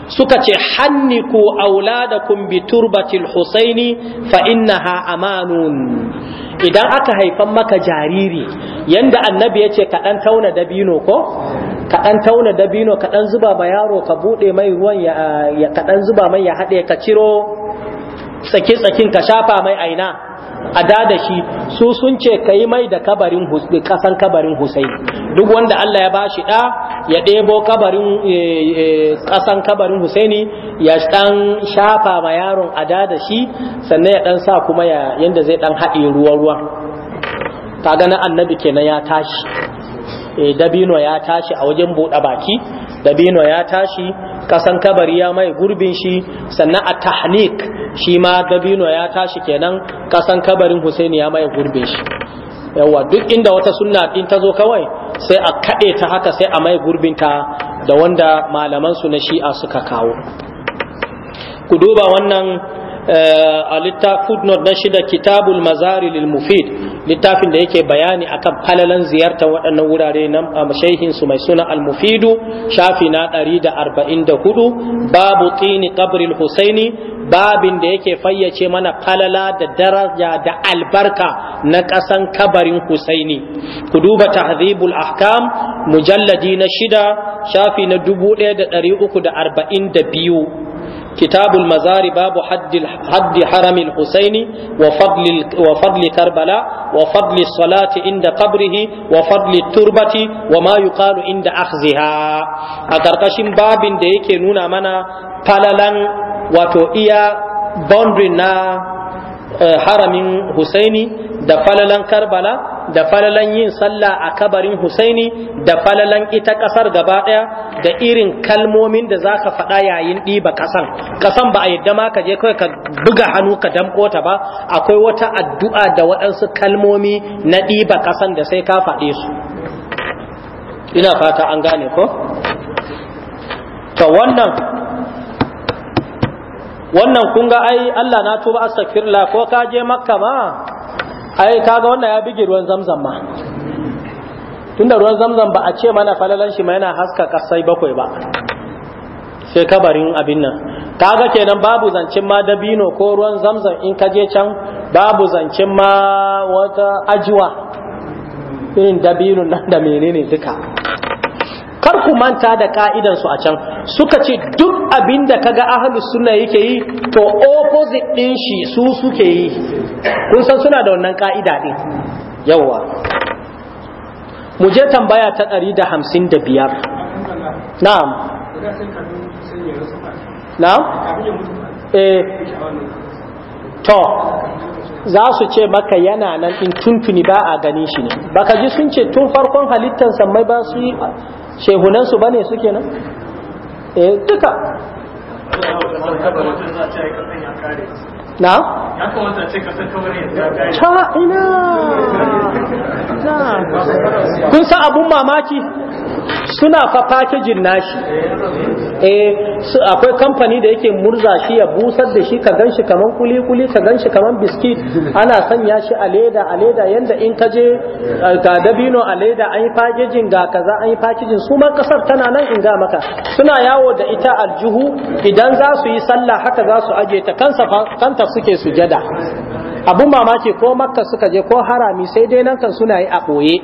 suka ce hanniku auladakum bi turbatil husaini fa innaha amanun idan aka haifan maka jariri yanda annabi yace ka dan tauna dabino ko ka dan tauna dabino ka dan zuba ba yaro ka bude mai ruwan ya ka dan zuba mai ya hade ka ciro tsake tsakin ka shafa mai aina a da shi su sun ce ka yi mai da kabarin kasan kabarin Husaini duk wanda Allah ya bashi da ya ɗebo kabarin eh, eh, kasan kabarin Husaini ya dan shafa ma yaron a da shi sannan ya dan sa kuma yanda zai dan haɗe ruwa ruwa Ta na annabi kenan ya tashi Eh, dabino ya tashi a wajen buɗe baki dabino ya tashi ƙasan kabari ya mai gurbin shi sannan a tahnik shi ma dabino ya tashi kenan ƙasan kabarin husaini ya mai gurbin shi yawa duk inda wata sunna din ta zo kawai sai a kaɗe ta haka sai a mai gurbin ta, da wanda malamansu na shi'a suka kawo ku duba wannan eh, a littafin na shida kitabul mazari lil mufid littafin da yake bayani akan falalan ziyartar waɗannan wurare na mashayihin su mai suna al-mufidu shafi na 144 babu tini ƙabril husaini babin da yake fayyace mana falala da daraja da albarka na ƙasan kabarin husaini ku duba tahzibul ahkam mujalladi na shida shafi na 1342 كتاب المزار باب حد حد حرم الحسين وفضل وفضل Karbala. وفضل الصلاة عند قبره وفضل التربة وما يقال عند أخذها أترقشن باب ديك نونا منا فللا وتؤيا boundary na Eh, haramin husaini da falalan karbala da falalan yin sallah a kabarin Husaini da falalan ita kasar gaba daya da irin kalmomin da za ka faɗa yayin ɗiba kasan kasan ba a yadda ma ka je kawai ka buga hannu ka damko ta ba akwai wata addu'a da waɗansu kalmomi na ɗiba kasan da sai ka faɗe su ina fata an gane ko to wannan wannan kun ga ai Allah na tuba astaghfirullah ko ka je makka ma ai kaga wannan ya bige ruwan zamzam ma tunda ruwan zamzam ba a ce mana falalan shi ma yana haska kasai bakwai ba sai kabarin abin nan kaga kenan babu zancen ma dabino ko ruwan zamzam in ka je can babu zancen ma wata ajiwa irin dabino nan da menene duka kar ku manta da ka'idan su a can suka ce duk abin da kaga ahlus suna yake yi to opposite din shi su suke yi kun san suna da wannan ka'ida din yawa mu je tambaya ta 155 na'am na'am eh to za su ce maka yana nan in tuntuni ba a ganin shi ne baka ji sun ce tun farkon halittar mai ba su yi shehunansu ba ne suke nan eh duka na? ya kamata ce kasar kamar yadda ta ina kun san abun mamaki suna fa packaging nashi eh su akwai kamfani da yake murza shi ya busar da shi ka ganshi kaman kuli kuli ka ganshi kaman biskit ana sanya shi a leda a leda yanda in ka je eh, ga dabino a leda an yi packaging ga kaza an yi packaging su ma kasar tana nan in ga maka suna yawo da ita aljihu idan za su yi sallah haka za su aje ta kansa kanta suke sujada abun mamaki ko makka suka je ko harami sai dai nan kan suna yi a ɓoye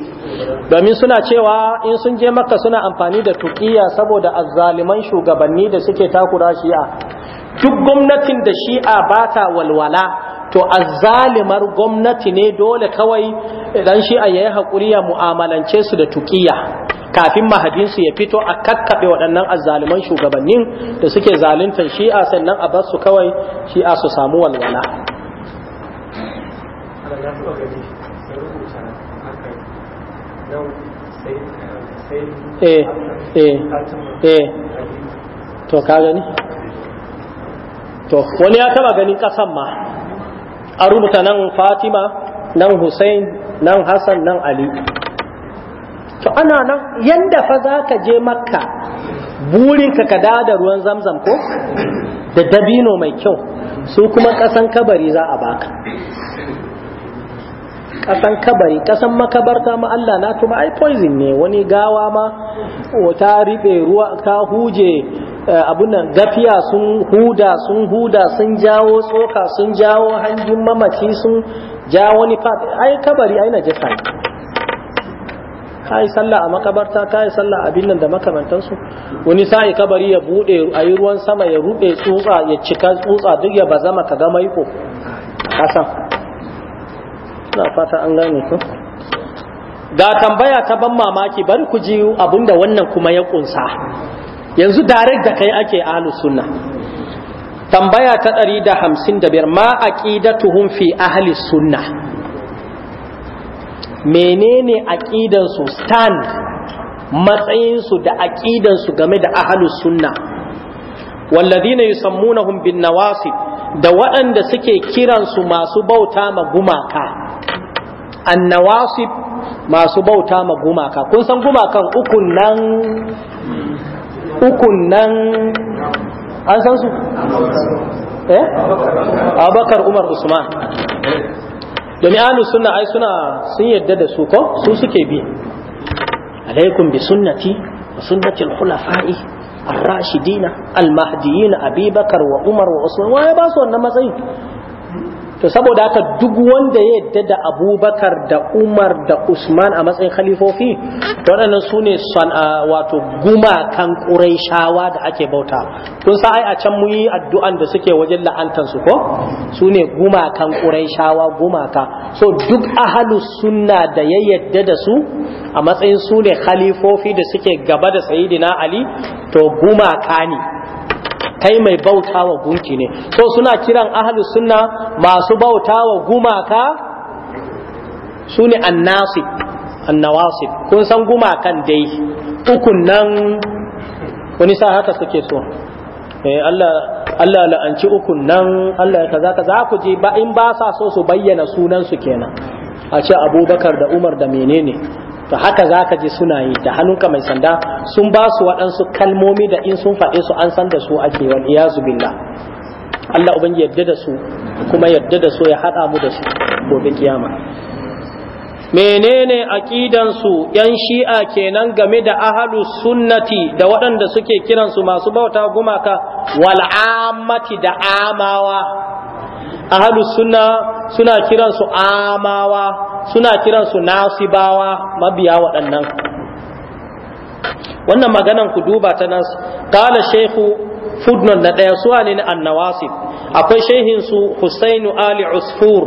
domin suna cewa in sun je makka suna amfani da tukiya saboda azzaliman shugabanni da suke takura shi'a duk gwamnatin da shi'a ba ta walwala to azzalimar gwamnati ne dole kawai idan shi'a yayi hakuri ya mu'amalance su da tukiya kafin mahadinsu ya fito a kakkaɓe waɗannan azzaliman shugabannin da suke zaluntar shi'a sannan a bar su kawai shi'a su samu walwala na zuwa gani sai rubuta haka yau sai sai eh, eh, eh. to ka gani to wani ya taba ganin kasan ma a rubuta nan fatima nan hussein nan hassan nan ali to ana nan yadda fa za ka je makka burinka ka da ruwan zamzam ko da dabino mai kyau su kuma kasan kabari za a baka kasan kabari kasan makabarta ma Allah na tuma ai poison ne wani gawa ma ta riɓe ruwa ta huje eh, abun nan gafiya sun huda sun huda sun jawo tsoka sun jawo hanjin mamaci sun jawo wani fat ai kabari ai najasa ne kai sallah a makabarta kai sallah abin nan da makamantansu wani sa'i kabari ya bude ayi ruwan sama ya rube tsutsa ya cika tsutsa duk ya bazama ka ga maiko kasan na fata an gane ku ga tambaya ta ban mamaki bari ku ji abinda wannan kuma ya kunsa yanzu direct da kai ake ahlu sunna tambaya ta 155 ma aqidatuhum fi ahli sunna menene aqidan su stand matsayin su da aqidan su game da ahlu sunna walladina yusammunahum bin nawasib da waɗanda suke kiransu masu bauta ma gumaka annawasib masu bauta ma gumaka kun san gumakan ukun nan ukun nan an san su eh abakar umar usman domin ahlu sunna ai suna sun yadda da su ko su suke bi alaikum bi sunnati wa sunnati al-khulafa'i ar-rashidina al-mahdiyina abubakar wa umar wa usman waye ba su wannan matsayi to saboda haka duk wanda ya yadda da abubakar da umar da usman a matsayin khalifofi To waɗannan su ne wato gumakan ƙuraishawa da ake bauta kun sa ai a can mu yi addu'an da suke wajen su ko su ne gumakan ƙuraishawa gumaka so duk ahalu sunna da ya yadda da su a matsayin su ne khalifofi da suke gaba da sayidina ali to gumaka ne kai mai bauta wa gunki ne so suna kiran ahlus sunna masu bauta wa gumaka sune annasib annawasib kun san gumakan dai ukun nan wani sa haka suke so eh, Allah Allah la'anci ukun nan Allah ya kaza kaza ku je ba in ba sa so su bayyana sunan su kenan a ce Abubakar da Umar da menene to haka za ka ji suna yi da hannunka mai sanda sun ba su waɗansu kalmomi da in sun faɗe su an san da su ake wani iyazu billah Allah ubangi yadda da su kuma yadda da su ya haɗa mu da su gobe kiyama menene ƙidansu ‘yan shi'a kenan game da ahalu sunnati da waɗanda suke kiransu masu bauta gumaka wal'amati da amawa ahalus sunna suna kiransu amawa suna kiransu nasibawa mabiya waɗannan wannan maganan ku duba ta nan kala shehu fudnan na ɗaya suwa ne na annawasib akwai su husainu ali usfur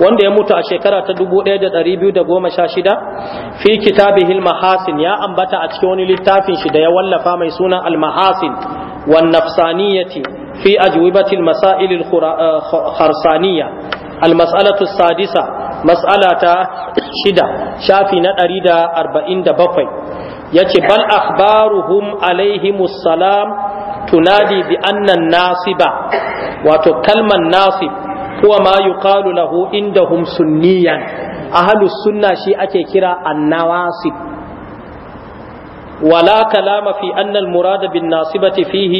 wanda ya mutu a shekara ta 1216 fi kitabihil mahasin ya ambata a cikin wani littafin shi da ya wallafa mai suna al mahasin wan nafsaniyati fi ajwibatil masailil kharsaniya almas'alatu sadisa Mas'alata shida shafi na ɗari da da arba'in 147 yace bal akhbaruhum alaihimus salam tunadi bi anna nasiba wato kalman nasib huwa ma yuqalu lahu indahum sunniyan ahlus sunna shi ake kira annawasib ولا كلام في أن المراد بالناصبة فيه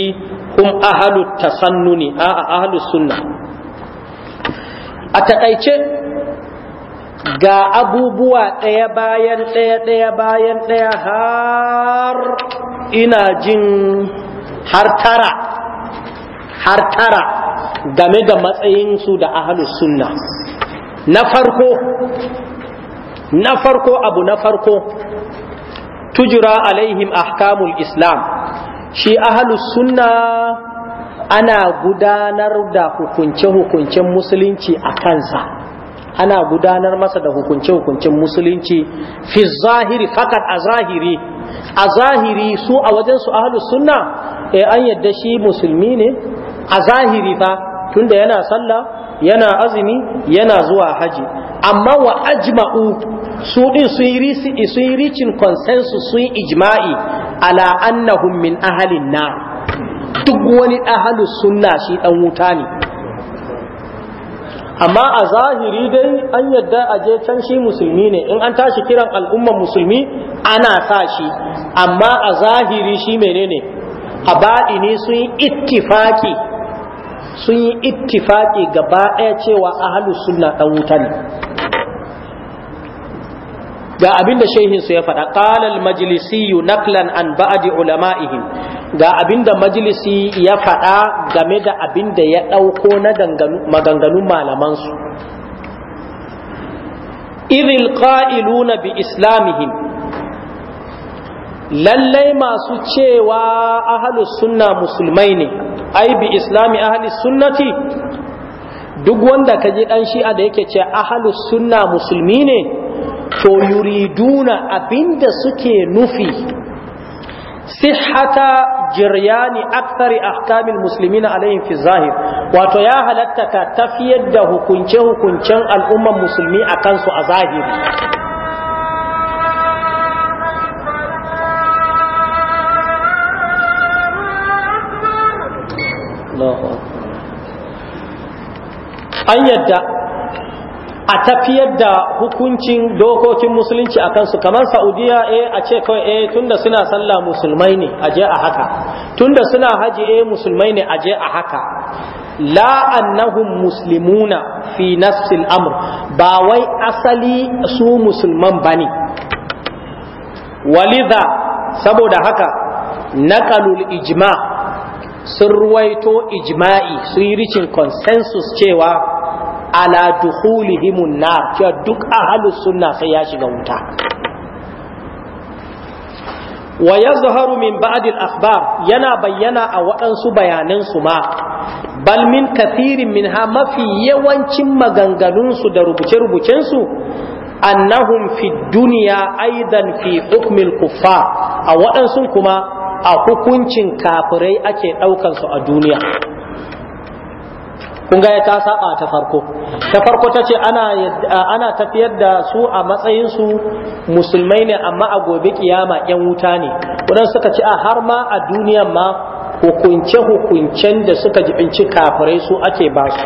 antum ahlu tasannuni ahlu sunna a ga abubuwa ɗaya bayan ɗaya ɗaya har ina jin har tara har tara game da matsayinsu da ahlu sunna na farko na farko abu na farko tujura alaihim ahkamul islam shi ahalus sunna ana gudanar da hukunce-hukuncen musulunci a kansa ana gudanar masa da hukunce-hukuncen musulunci fi zahiri fakat a zahiri a zahiri su a wajen su ahalus sunna e an yadda shi musulmi ne a zahiri fa tunda yana sallah yana azumi yana zuwa haji amma wa ajma'u su din sun yi ricin consensus sun yi ijma'i ala annahum min ahalin na duk wani ahalu sunna shi dan wuta ne amma a zahiri dai an yadda a je can shi musulmi ne in an tashi kiran al'umman musulmi ana sa shi amma a zahiri shi menene a baɗi ne sun yi ittifaki sun yi ittifaki gaba ɗaya cewa ahalus sunna ɗan wuta ne ga abinda shehin su ya faɗa qalal majlisi naqlan an ba'di ulama'ihim ga abinda majlisi ya faɗa game da abinda ya ɗauko na maganganun malamansu. su idil qa'iluna bi islamihim lallai masu cewa ahalus sunna musulmai ne ai bi islami ahalus sunnati duk wanda ka ji dan shi'a da yake ce ahalus sunna musulmi ne to yuriduna abinda suke nufi sihhata jiryani akthari ahkamil muslimina alaihim fi zahir wato ya halatta ka tafiyar da hukunce hukuncen al'umman musulmi a kansu a zahiri an yadda a tafiyar da hukuncin dokokin musulunci a kansu kamar saudiya eh a ce kawai eh tunda suna sallah musulmai ne a je a haka tunda suna haji eh musulmai ne a je a haka la annahum muslimuna fi nafsil amr ba wai asali su musulman ba ne. walidha saboda haka naqalul ijma sun ruwaito ijma'i sun yi ricin consensus cewa ala dukhulihimun nar cewa duk ahlus sunna sai ya shiga wuta wa yazharu min ba'd al-akhbar yana bayyana a waɗansu bayanan su ma bal min kathirin minha mafi yawancin maganganun su da rubuce-rubucen su annahum fi dunya aidan fi hukmil kuffar a waɗansu kuma a hukuncin kafirai ake ɗaukansu a duniya kun ga ta saba ta farko ta farko ta ce ana tafiyar da su a matsayin su musulmai ne amma a gobe kiyama yan wuta ne Wadanda suka ce a har ma a duniyan ma hukunce hukuncen da suka jibinci kafirai su ake ba su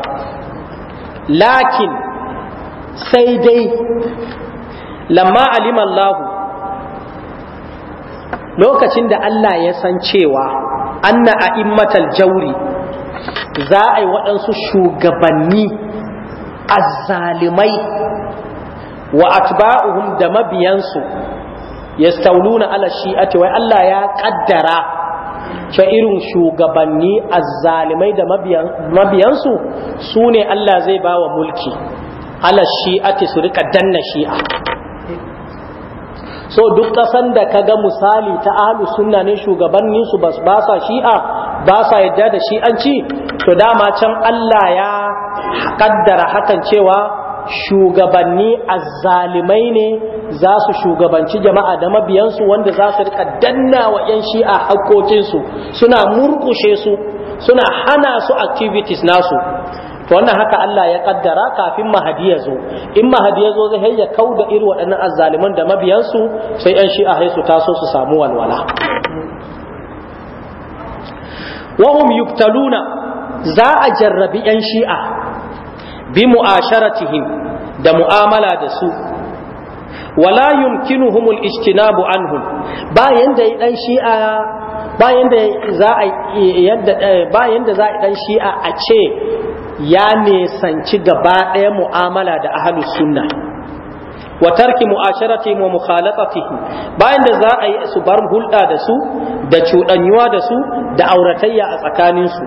lakin sai dai lamma aliman lahu lokacin da Allah ya san cewa anna a'immatal jawri za a yi waɗansu shugabanni zalimai wa atba'uhum da mabiyansu yastauluna ala shi'ati wai Allah ya kaddara ce irin shugabanni zalimai da mabiyansu su ne Allah zai ba wa mulki ala shi'ati su rika danna shi'a so duk ƙasan da ka ga misali ta ahlu sunna ne shugabanninsu ba sa shi'a ba sa yadda da shi'anci to dama can Allah ya kaddara hakan cewa shugabanni azzalimai ne za su shugabanci jama'a da mabiyansu wanda za su rika danna wa 'yan shi'a haƙoƙinsu suna murkushe su suna hana su activities nasu to wannan haka Allah ya kaddara kafin mahadi ya zo in mahadi ya zo zai hayya kau da irin waɗannan azzaliman da mabiyansu sai yan shi'a haisu taso su samu walwala wahum yuktaluna za a jarrabi yan shi'a bi mu'asharatihim da mu'amala da su wala yumkinuhum al-ijtinabu anhum ba yanda dan shi'a ba yanda za a yanda eh, ba yanda za a dan shi'a a ce ya nisanci gaba ɗaya mu'amala da ahlus sunna wa tarki mu'asharati wa mukhalafatihi bayan da za a yi su bar hulɗa da su da cuɗanyuwa da su da auratayya a tsakanin su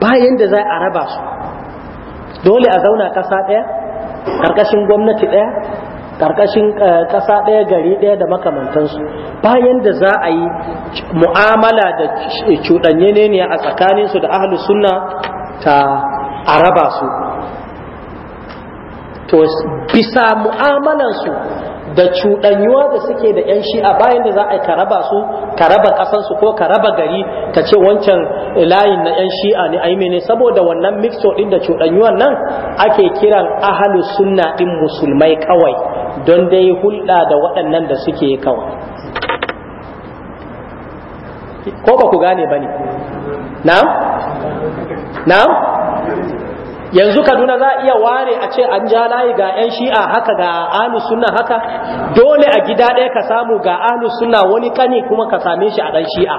bayan da za a raba su dole a zauna ƙasa ɗaya ƙarƙashin gwamnati ɗaya karkashin ƙasa eh, ɗaya gari ɗaya da makamantansu bayan da za a yi mu'amala da cuɗanye ne a tsakaninsu da ahalus sunna ta araba su to bisa mu'amalansu da cuɗanyuwa da suke da 'yan shi'a bayan da za a yi karaba su karaba ƙasansu ko karaba gari ka ce wancan layin na 'yan shi'a ne a ne saboda wannan mixo ɗin da cuɗanyuwan nan ake kiran ahalus sunna ɗin musulmai kawai don dai hulɗa da waɗannan da suke kawa ko ba ku gane ba ne na? yanzu kaduna za a iya ware a ce an ja layi ga 'yan shi'a haka ga ahalus sunna haka dole a gida ɗaya ka samu ga ahalus sunna wani kani kuma ka same shi a ɗan shi'a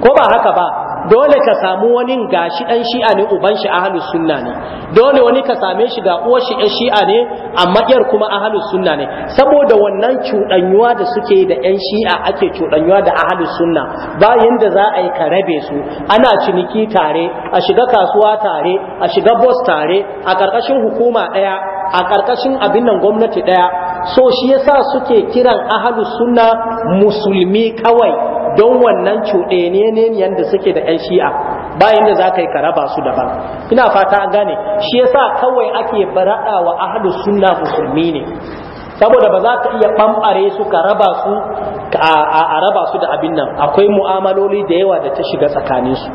ko ba haka ba dole ka samu wani ga shi dan shi'a ne uban shi ahlus sunna ne dole wani ka same shi ga uwar shi shi'a ne amma yar kuma ahlus sunna ne saboda wannan cuɗanyuwa da suke da yan shi'a ake cuɗanyuwa da ahlus sunna bayan da za a yi ka rabe su ana ciniki tare a shiga kasuwa tare a shiga bus tare a ƙarƙashin hukuma ɗaya a ƙarƙashin abin nan gwamnati ɗaya so shi yasa suke kiran ahlus sunna musulmi kawai don wannan cuɗene ne yadda suke da 'yan shi'a bayan da za ka yi karaba su daban ina fata an gane shi yasa kawai ake barada wa ahadu sunna musulmi ne saboda ba za ka iya ɓamɓare su ka raba su a raba su da abin nan akwai mu'amaloli da yawa da ta shiga tsakanin su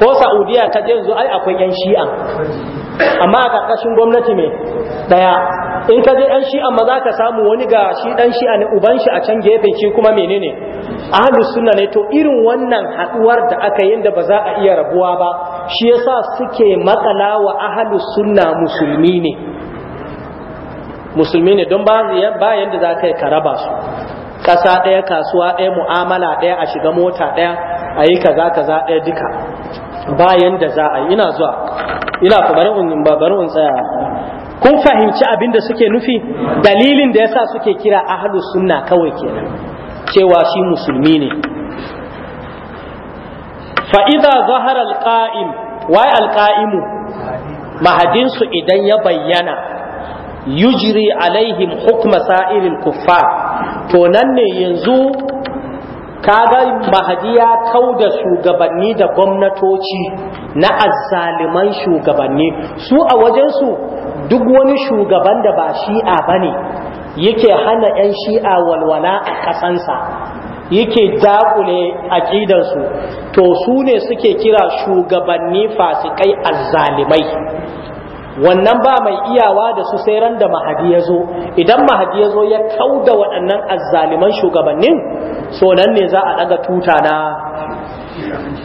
ko saudiya ka je yanzu ai akwai 'yan shi'a amma a ƙarƙashin gwamnati mai ɗaya in ka je ɗan shi amma za ka samu wani ga shi ɗan shi'a ne uban shi a can gefe shi kuma menene ahlu sunna ne to irin wannan haɗuwar da aka yi da ba za a iya rabuwa ba shi yasa suke matsala wa ahlus sunna musulmi ne musulmi ne don ba yadda za ka yi karaba su ƙasa ɗaya kasuwa ɗaya mu'amala ɗaya a shiga mota ɗaya a yi kaza kaza ɗaya duka bayan da za a yi ina zuwa ina ku bari in tsaya kun fahimci abin da suke nufi dalilin da yasa suke kira ahlus sunna kawai kenan cewa shi musulmi ne fa idza zahara alqa'im wai alqa'imu mahadin su idan ya bayyana yujri alaihim hukma sa'iril kuffar to nan ne yanzu kaga mahadi ya kau da shugabanni da gwamnatoci na azzaliman shugabanni su a wajensu duk wani shugaban da ba shi'a ba ne yake hana 'yan shi'a walwala a kasansa yake dakule aƙidarsu to su ne suke kira shugabanni fasikai azzalimai wannan ba mai iyawa da su sai ran da mahadi ya zo idan mahadi ya zo ya kauda waɗannan azzaliman shugabannin so nan ne za a ɗaga tuta na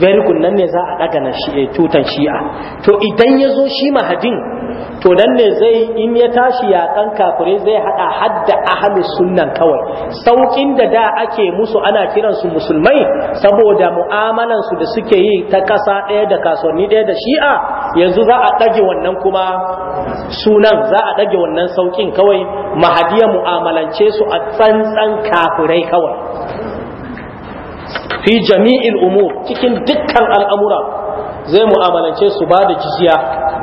very good ne za a daga na eh, tutan shi'a to idan ya zo shi mahadin to nan ne zai in ya tashi ya kan kafure zai hada hadda ahli sunnan kawai saukin da da ake musu ana kiran su musulmai saboda mu'amalan su da suke yi ta kasa ɗaya da kasuwanni ɗaya da shi'a yanzu za a dage wannan kuma sunan za a dage wannan saukin kawai mahadiya mu'amalance su a tsantsan kafurai kawai fi jami'il umur cikin dukkan al'amura zai mu'amalance su ba da jizya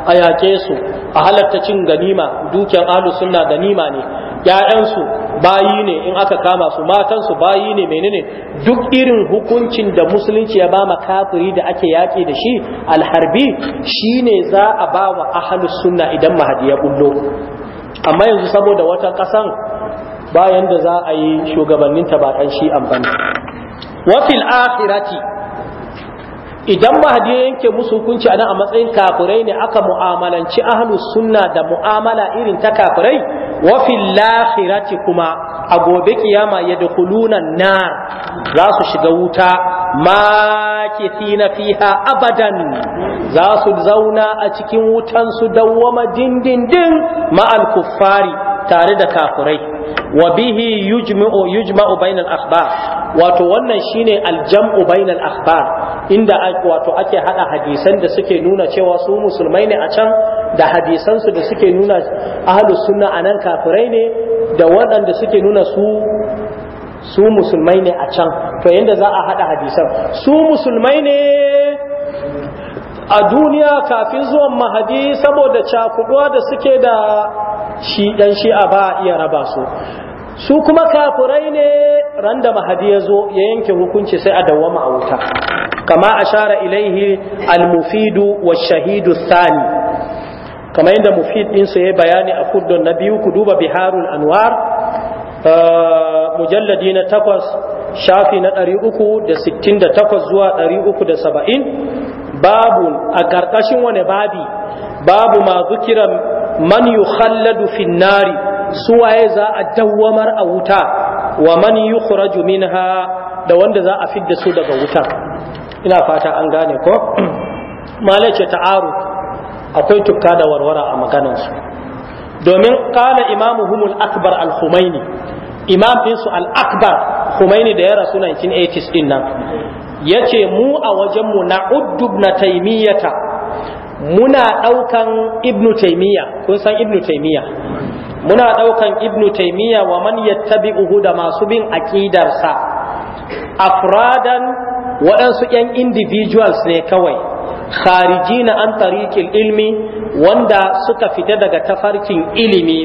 a yaƙe su a halatta cin ganima dukiyar ahlus sunna ganima ne ‘ya'yansu bayi ne in aka kama su matansu bayi ne menene duk irin hukuncin da musulunci ya ba kafiri da ake yaƙi da shi alharbi shi ne za a ba wa ahlus sunna idan mahadi ya bullo amma yanzu saboda wata ƙasan bayan da za a yi shugabanninta ba ɗan shi amfani wafil akhirati idan ba ya yanke musu hukunci a nan a matsayin kafirai ne aka mu'amalanci ahlus sunna da mu'amala irin ta kafirai wa fil kuma a gobe kiyama dukuluna nar za su shiga wuta makithina fiha abadan za su zauna a cikin wutan su dawwama dindindin ma'al kuffari tare da kafirai wa bihi yujma'u yujma'u bainal akhbar wato wannan shine aljam'u bainal akhbar inda wato ake hada hadisan da suke nuna cewa su musulmai ne a can da hadisan su da suke nuna ahlus sunna anan kafirai ne da waɗanda suke nuna su su musulmai ne a can to yanda za a hada hadisan su musulmai ne a duniya kafin zuwan mahadi saboda cakuduwa da suke da shi dan a ba iya raba su su kuma kafurai ne ran da mahadi ya zo ya yanke hukunci sai a dawwama a wuta kama ashara ilaihi al-mufidu wa shahidu thani kama inda mufid din su yayi bayani a kuddun na biyu ku duba biharul anwar uh, mujalladi na takwas shafi na 368 zuwa 370 babu a ƙarƙashin wani babi babu masu zukira man yukhalladu su nari za a dawwamar a wuta wa man min ha? da wanda za a fidda su daga wuta ina fata an gane ko malace ta'aru akwai tukka da warwara a maganar domin qala imamuhum al-akbar al humaini imam din al-akbar Humaini da ya rasu 1980s din nan ya ce mu a wajenmu na uddub na taimiyyata muna ɗaukan ibnu taimiyya kun san ibnu taimiyya muna ɗaukan ibnu taimiyya wa man yattabi'uhu da masu bin aƙidarsa afradan waɗansu 'yan individuals ne kawai na an tariqil ilmi wanda suka fita daga tafarkin ilimi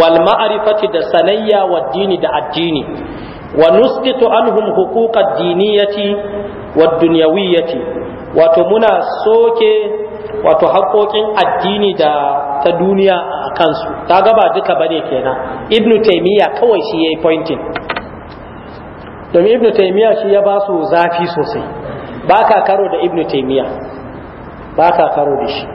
wal marifati da sanayya wa dini da addini wa nusqitu anhum huquq ad-diniyati wad-dunyawiyyati wato muna soke wato haƙoƙin addini da ta duniya a kansu ta gaba duka bane kenan ibnu taymiya kawai shi yayi pointing domin ibnu taymiya shi ya ba su zafi sosai ba ka karo da ibnu taymiya ba karo da shi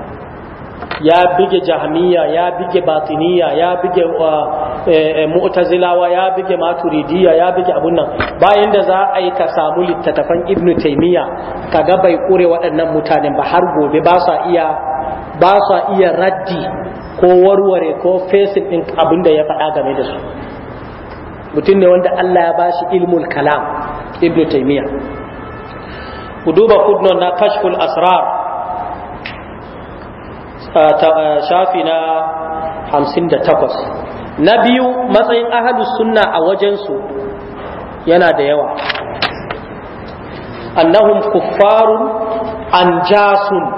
ya bige jahmiya ya bige batiniya ya bige uh, eh, eh, mu'tazilawa ya bige maturidiya ya bige abun nan bayan da za a yi ka samu littattafan ibnu taymiya kaga bai kure waɗannan mutanen ba har gobe ba sa iya ba sa iya raddi ko warware ko fesin din abin da ya faɗa game da su mutum ne wanda Allah ya bashi ilmul kalam ibnu taymiya ku duba kudnon na kashful asrar shafi na hamsin da takwas na biyu matsayin ahalus sunna a wajensu yana da yawa annahum kuffarun an jasun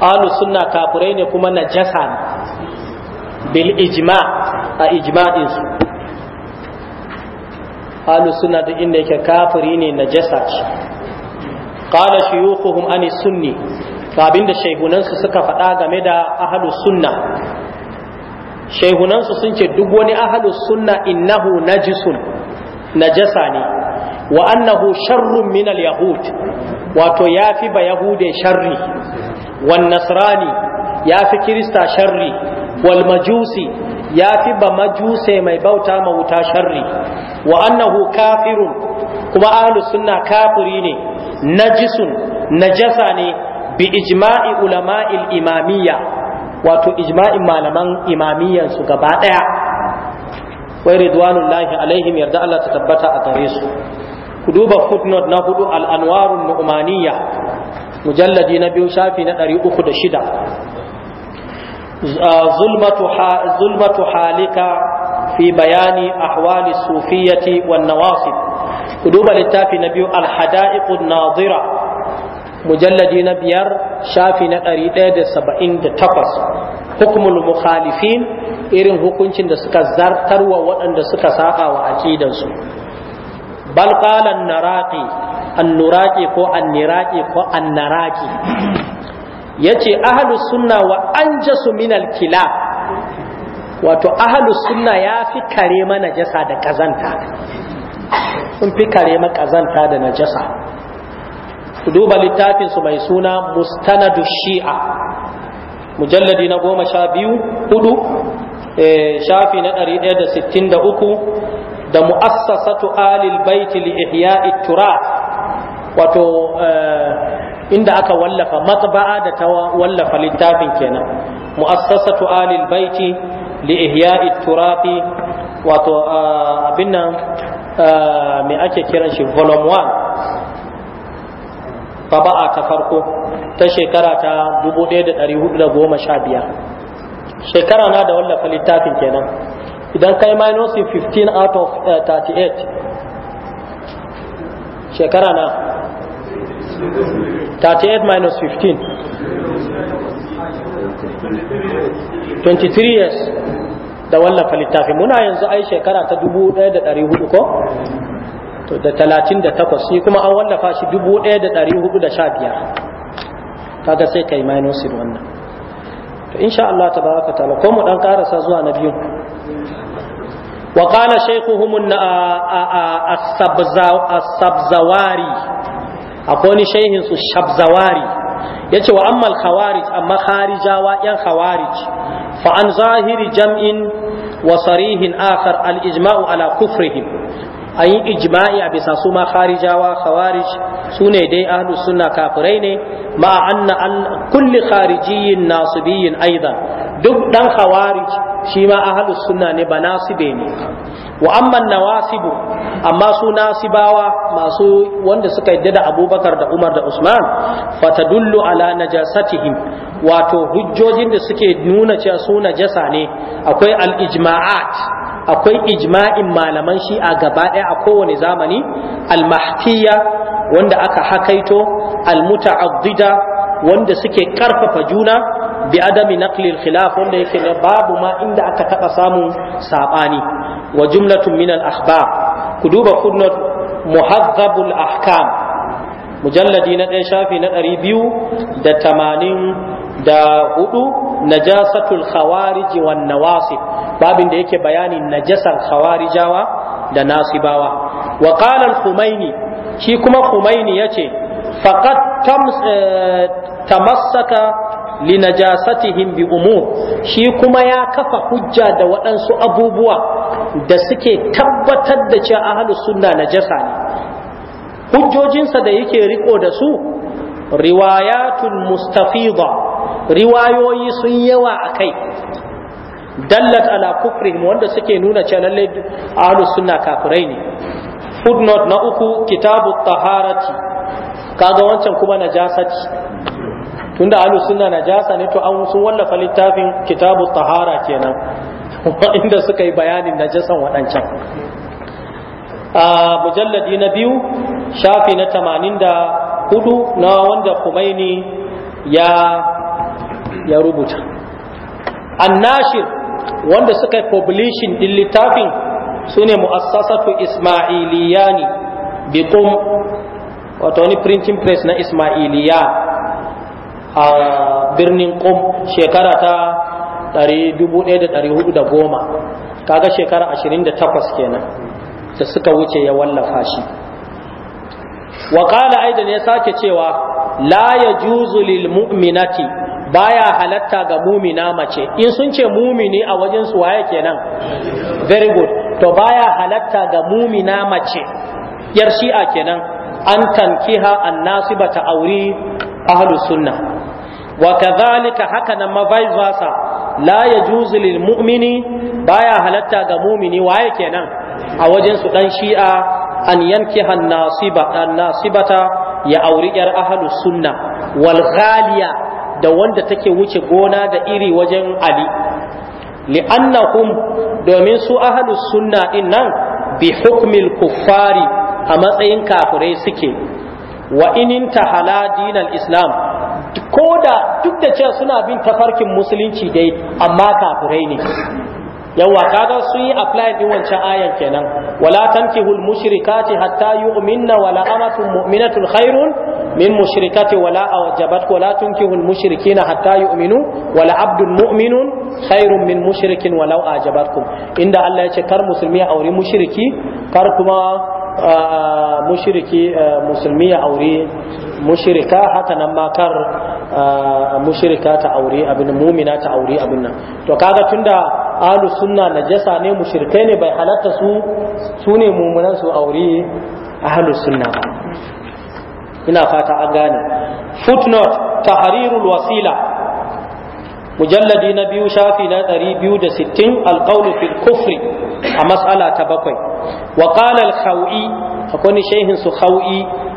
ahlu sunna kafirai ne kuma na ne bil ijma a ijma'in su sunna duk inda yake kafiri ne jasa ce yi hukuhun ani sunni ga abinda shaihunansu suka faɗa game da ahalu sunna shaihunansu sun ce duk wani ahalu sunna innahu najisun najasa ne wa annahu sharrun minal yahud wato yafi ba yahude sharri wan nasrani yafi kirista sharri wal majusi yafi ba majuse mai bauta ma sharri wa annahu kafirun kuma ahlus sunna kafiri ne najisun najasa ne bi ijma'i ulama'il imamiyya wato ijma'i malaman imamiyyan su gaba daya wai ridwanullahi alaihim yarda Allah ta tabbata a gare su ku duba footnote na hudu al-anwarun nu'maniyya mujalladi na biyu shafi na 306 zulmatu zulmatu halika fi bayani ahwali sufiyyati wan nawasib ku duba littafi na biyu al-hada'iqun nadira mujalladi na biyar shafi na ɗari ɗaya da saba'in da takwas hukumul mukhalifin irin hukuncin da suka zartar wa waɗanda suka saba wa aƙidansu bal qala naraqi annuraqi ko anniraqi ko annaraqi yace ahlus sunna wa anjasu min wato ahlus sunna yafi kare mana jasa da kazanta sun fi kare ma kazanta da najasa ku duba littafin su mai suna mustanadu shi'a mujalladi na goma sha biyu hudu eh, shafi na ɗari ɗaya da sittin da uku da mu'assasatu alil baiti li ihya'i itura, wato eh, inda aka wallafa matba'a da ta wallafa littafin kenan mu'assasatu alil baiti li ihya'i turafi wato eh, abin nan me ake kiran shi volume 1 taba'a ta farko ta shekara ta 1415 shekara na da wallafa littafin kenan idan kai minus 15 out of 38 eh, shekara na 38 minus 15 23 years da wallafa littafin muna yanzu ai shekara ta 1400 ko to da talatin da takwas shi kuma an wallafa shi dubu ɗaya da ɗari hudu da sha biyar kaga sai ka yi wannan to insha Allah ta baraka ta'ala ko mu dan karasa zuwa na biyu wa qala shaykhuhum as-sabzawari akwai ni shaykhin su shabzawari yace wa ammal khawarij amma kharijawa yan khawarij fa an zahiri jam'in wa sarihin akhar al-ijma'u ala kufrihim an yi ijma'i a bisa su ma kharijawa khawarij su ne dai ahlus sunna kafirai ne ma anna an kulli kharijiyin nasibiyyin aidan duk dan khawarij shi ma ahlus sunna ne ba nasibe ne wa amma nawasibu amma su nasibawa masu wanda suka yadda da abubakar da umar da usman fatadullu ala najasatihim wato hujjojin da suke nuna cewa su najasa ne akwai al-ijma'at akwai ijma'in malaman shi'a gaba ɗaya a kowane zamani almahtiya wanda aka hakaito almuta'addida wanda suke karfafa juna bi adami naqlil khilaf wanda yake babu ma inda aka taɓa samun saɓani wa jumlatun min al-akhbar ku duba kunnat muhazzabul ahkam mujalladi na ɗaya shafi na ɗari biyu da tamanin da hudu najasatul khawarij wan nawasib babin da yake bayani najasar khawarijawa da nasibawa wa qala al-khumaini shi kuma khumaini yace faqad eh, tamassaka li najasatihim bi umur shi kuma ya kafa hujja da waɗansu abubuwa da suke tabbatar da cewa ahlus sunna najasa ne hujjojinsa da yake riko da su riwayatul mustafidah riwayoyi sun yawa a kai dallat ala kufrihim wanda suke nuna cewa lalle ahlus sunna kafirai ne footnote na uku kitabu taharati kaga wancan kuma najasati tunda ahlus sunna najasa ne to an sun wallafa littafin kitabu tahara kenan inda suka yi bayanin najasan waɗancan a mujalladi na biyu shafi na tamanin da hudu na wanda kumaini ya ya rubuta annashir wanda suka yi publishing din littafin su ne mu'assasatu ismailiyani bikum wato ni printing press na ismailiya a birnin kum shekara ta 1410 kaga shekara 28 kenan da suka wuce ya wallafa shi wa Aida aidan ya sake cewa la yajuzu lil mu'minati baya halatta ga mumina mace in sun ce mumini a wajen su waye kenan very good to baya halatta ga mumina mace yar shi'a kenan an tankiha annasi bata auri ahlus sunna wa kadhalika haka nan ma la yajuzu lil mu'mini baya halatta ga mumini waye kenan a wajen su dan shi'a an yankiha annasiba annasibata ya auri yar ahlus sunna wal ghaliya da wanda take wuce gona da iri wajen ali li'annahum domin su ahlus sunna din nan bi hukmil kuffari a matsayin kafirai suke wa inin tahala islam ko da duk da cewa suna bin tafarkin musulunci dai amma kafirai ne yawa kaga sun yi apply din wancan ayan kenan wala tankihul mushrikati hatta yu'minna wala amatun mu'minatun khairun min mushrikati wala awjabat wala tankihul mushrikina hatta yu'minu wala abdun mu'minun khairun min mushrikin walau ajabatkum inda Allah yace kar musulmi ya aure mushriki kar kuma ah, ah, mushriki eh, musulmi ya aure mushirika haka nan ma kar ah, mushirika ta aure abin mumina ta aure abin nan to kaga tunda ahlu sunna najasa ne mushrikai ne bai halatta su su ne mumunan su aure ahlu sunna ina fata an gane footnote tahrirul wasila mujalladi na biyu shafi na ɗari biyu da sittin alƙaulu fil kufri a matsala ta bakwai wa ƙalal akwai shehin su kau’i.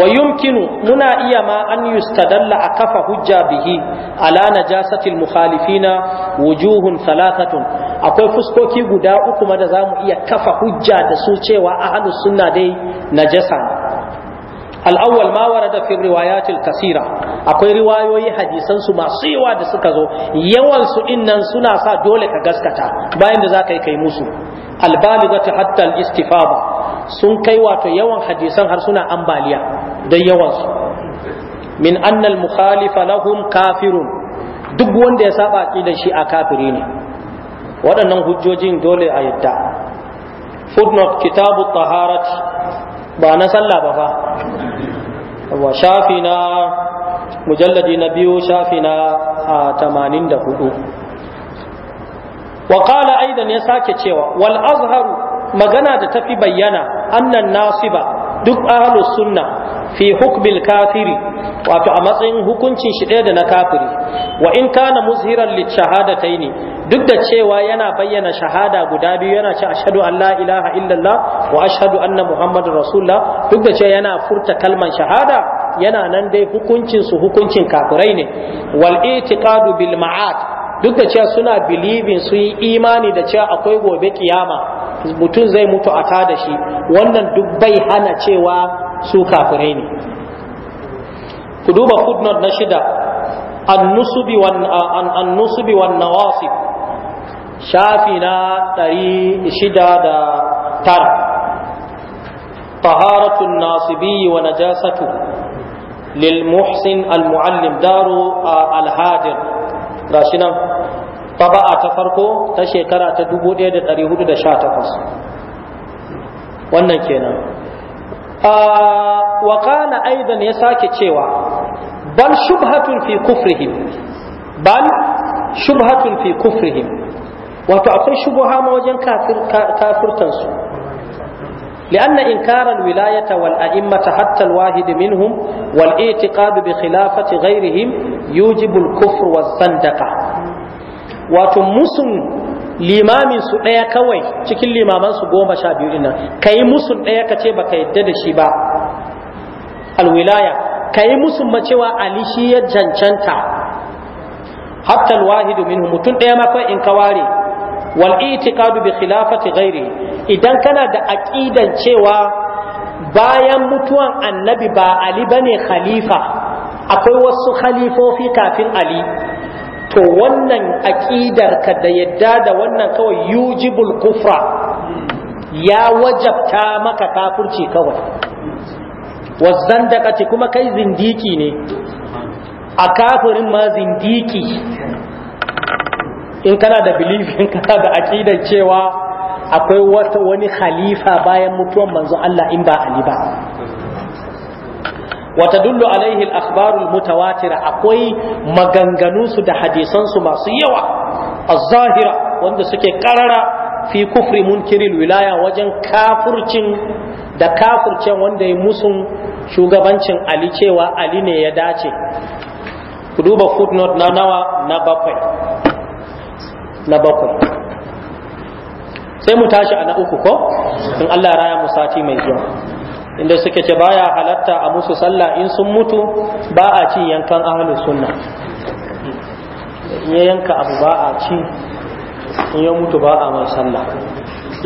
wa yumkinu muna iya ma an yustadalla a kafa hujja bihi ala najasatil na wujuhun thalathatun akwai fuskoki guda uku ma da zamu iya kafa hujja da su cewa ahlus sunna dai najasa ne al-awwal ma warada fi kasira akwai riwayoyi hadisansu masu yiwa da suka zo yawan su innan suna sa dole ka gaskata bayan da zaka yi kai musu al-baligatu istifaba sun kai wato yawan hadisan har ambaliya da yawansu min annal mukhalifa lahum kafirun duk wanda ya saba da shi a kafiri ne waɗannan hujjojin dole a yadda footnote kitabu taharat ba na sallah ba fa wa shafi na mujalladi na biyu shafi na tamanin da hudu wa aidan ya sake cewa wal azharu magana da tafi bayyana annan nasiba duk ahlus sunna fi hukmil kafiri wato a matsayin hukuncin shi ɗaya da na kafiri wa in kana muzhiran lit shahadataini duk da cewa yana bayyana shahada guda biyu yana ce ashhadu an la ilaha illallah wa ashhadu anna muhammadar rasulullah duk da cewa yana furta kalman shahada yana nan dai hukuncin su hukuncin kafirai ne wal itiqadu bil ma'ad duk da cewa suna believing su yi imani da cewa akwai gobe kiyama mutum zai mutu a tada shi wannan duk bai hana cewa su kafirai ne ku duba footnote na shida an nusubi wannan wan shafi na 609 taharatu nasibi wa najasatu lil muhsin al muallim daru al hadir gashi nan baa ta farko ta shekara ta 1418 wannan kenan wa qala ya sake cewa bal shubhatun fi kufrihim bal shubhatun fi kufrihim wato akwai shubuha hattal wajen kafirtansu لأن إنكار الولاية والأئمة حتى الواحد منهم والاعتقاد بخلافة غيرهم يوجب الكفر والزندقة وتمسن limamin su ɗaya kawai cikin limaman su goma sha biyu nan ka yi musu ɗaya ka ce ba ka yadda da shi ba alwilaya ka yi musu macewa ali shi ya cancanta hatta alwahidu minhu mutum ɗaya ma kawai in ka ware wal itiqadu bi khilafati ghairi idan kana da aqidan cewa bayan mutuwan annabi ba ali bane khalifa akwai wasu khalifofi kafin ali to wannan ka da yadda da wannan kawai yujibul kufra ya wajabta maka kafurci kawai ce kuma kai zindiki ne a kafirin ma zindiki in kana da belief in kana da aƙidar cewa akwai wani khalifa bayan mutuwan manzon Allah in ba Ali ba وتدل عليه الأخبار المتواترة akwai مغنغنوس da hadisansu masu yawa zahira wanda suke karara fi kufri munkirin wilaya wajen kafurcin da kafurcin wanda ya musun shugabancin Ali cewa Ali ne ya dace ku duba footnote na nawa na bakwai na bakwai sai mu tashi a na uku ko in Allah raya mu sati mai zuwa inda suke ce baya halatta a musu sallah in sun mutu ba a ci yankan ahlus sunna ya yanka abu ba a ci in ya mutu ba a mai sallah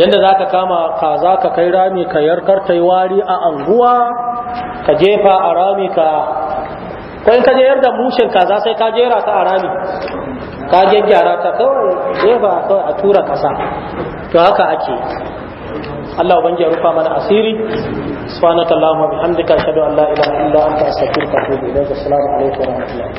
yadda za ka kama kaza ka kai rami ka yarkar ta yi wari a anguwa ka jefa a rami ka Ko in ka je yarda mushin kaza sai ka jera ta a rami ka gyaggyara ta kawai jefa kawai a tura kasa to haka ake Allah ubangi ya rufa mana asiri subhanakallahumma bihamdika ashhadu an la ilaha illa anta astaghfiruka wa atubu ilaik assalamu alaikum wa rahmatullahi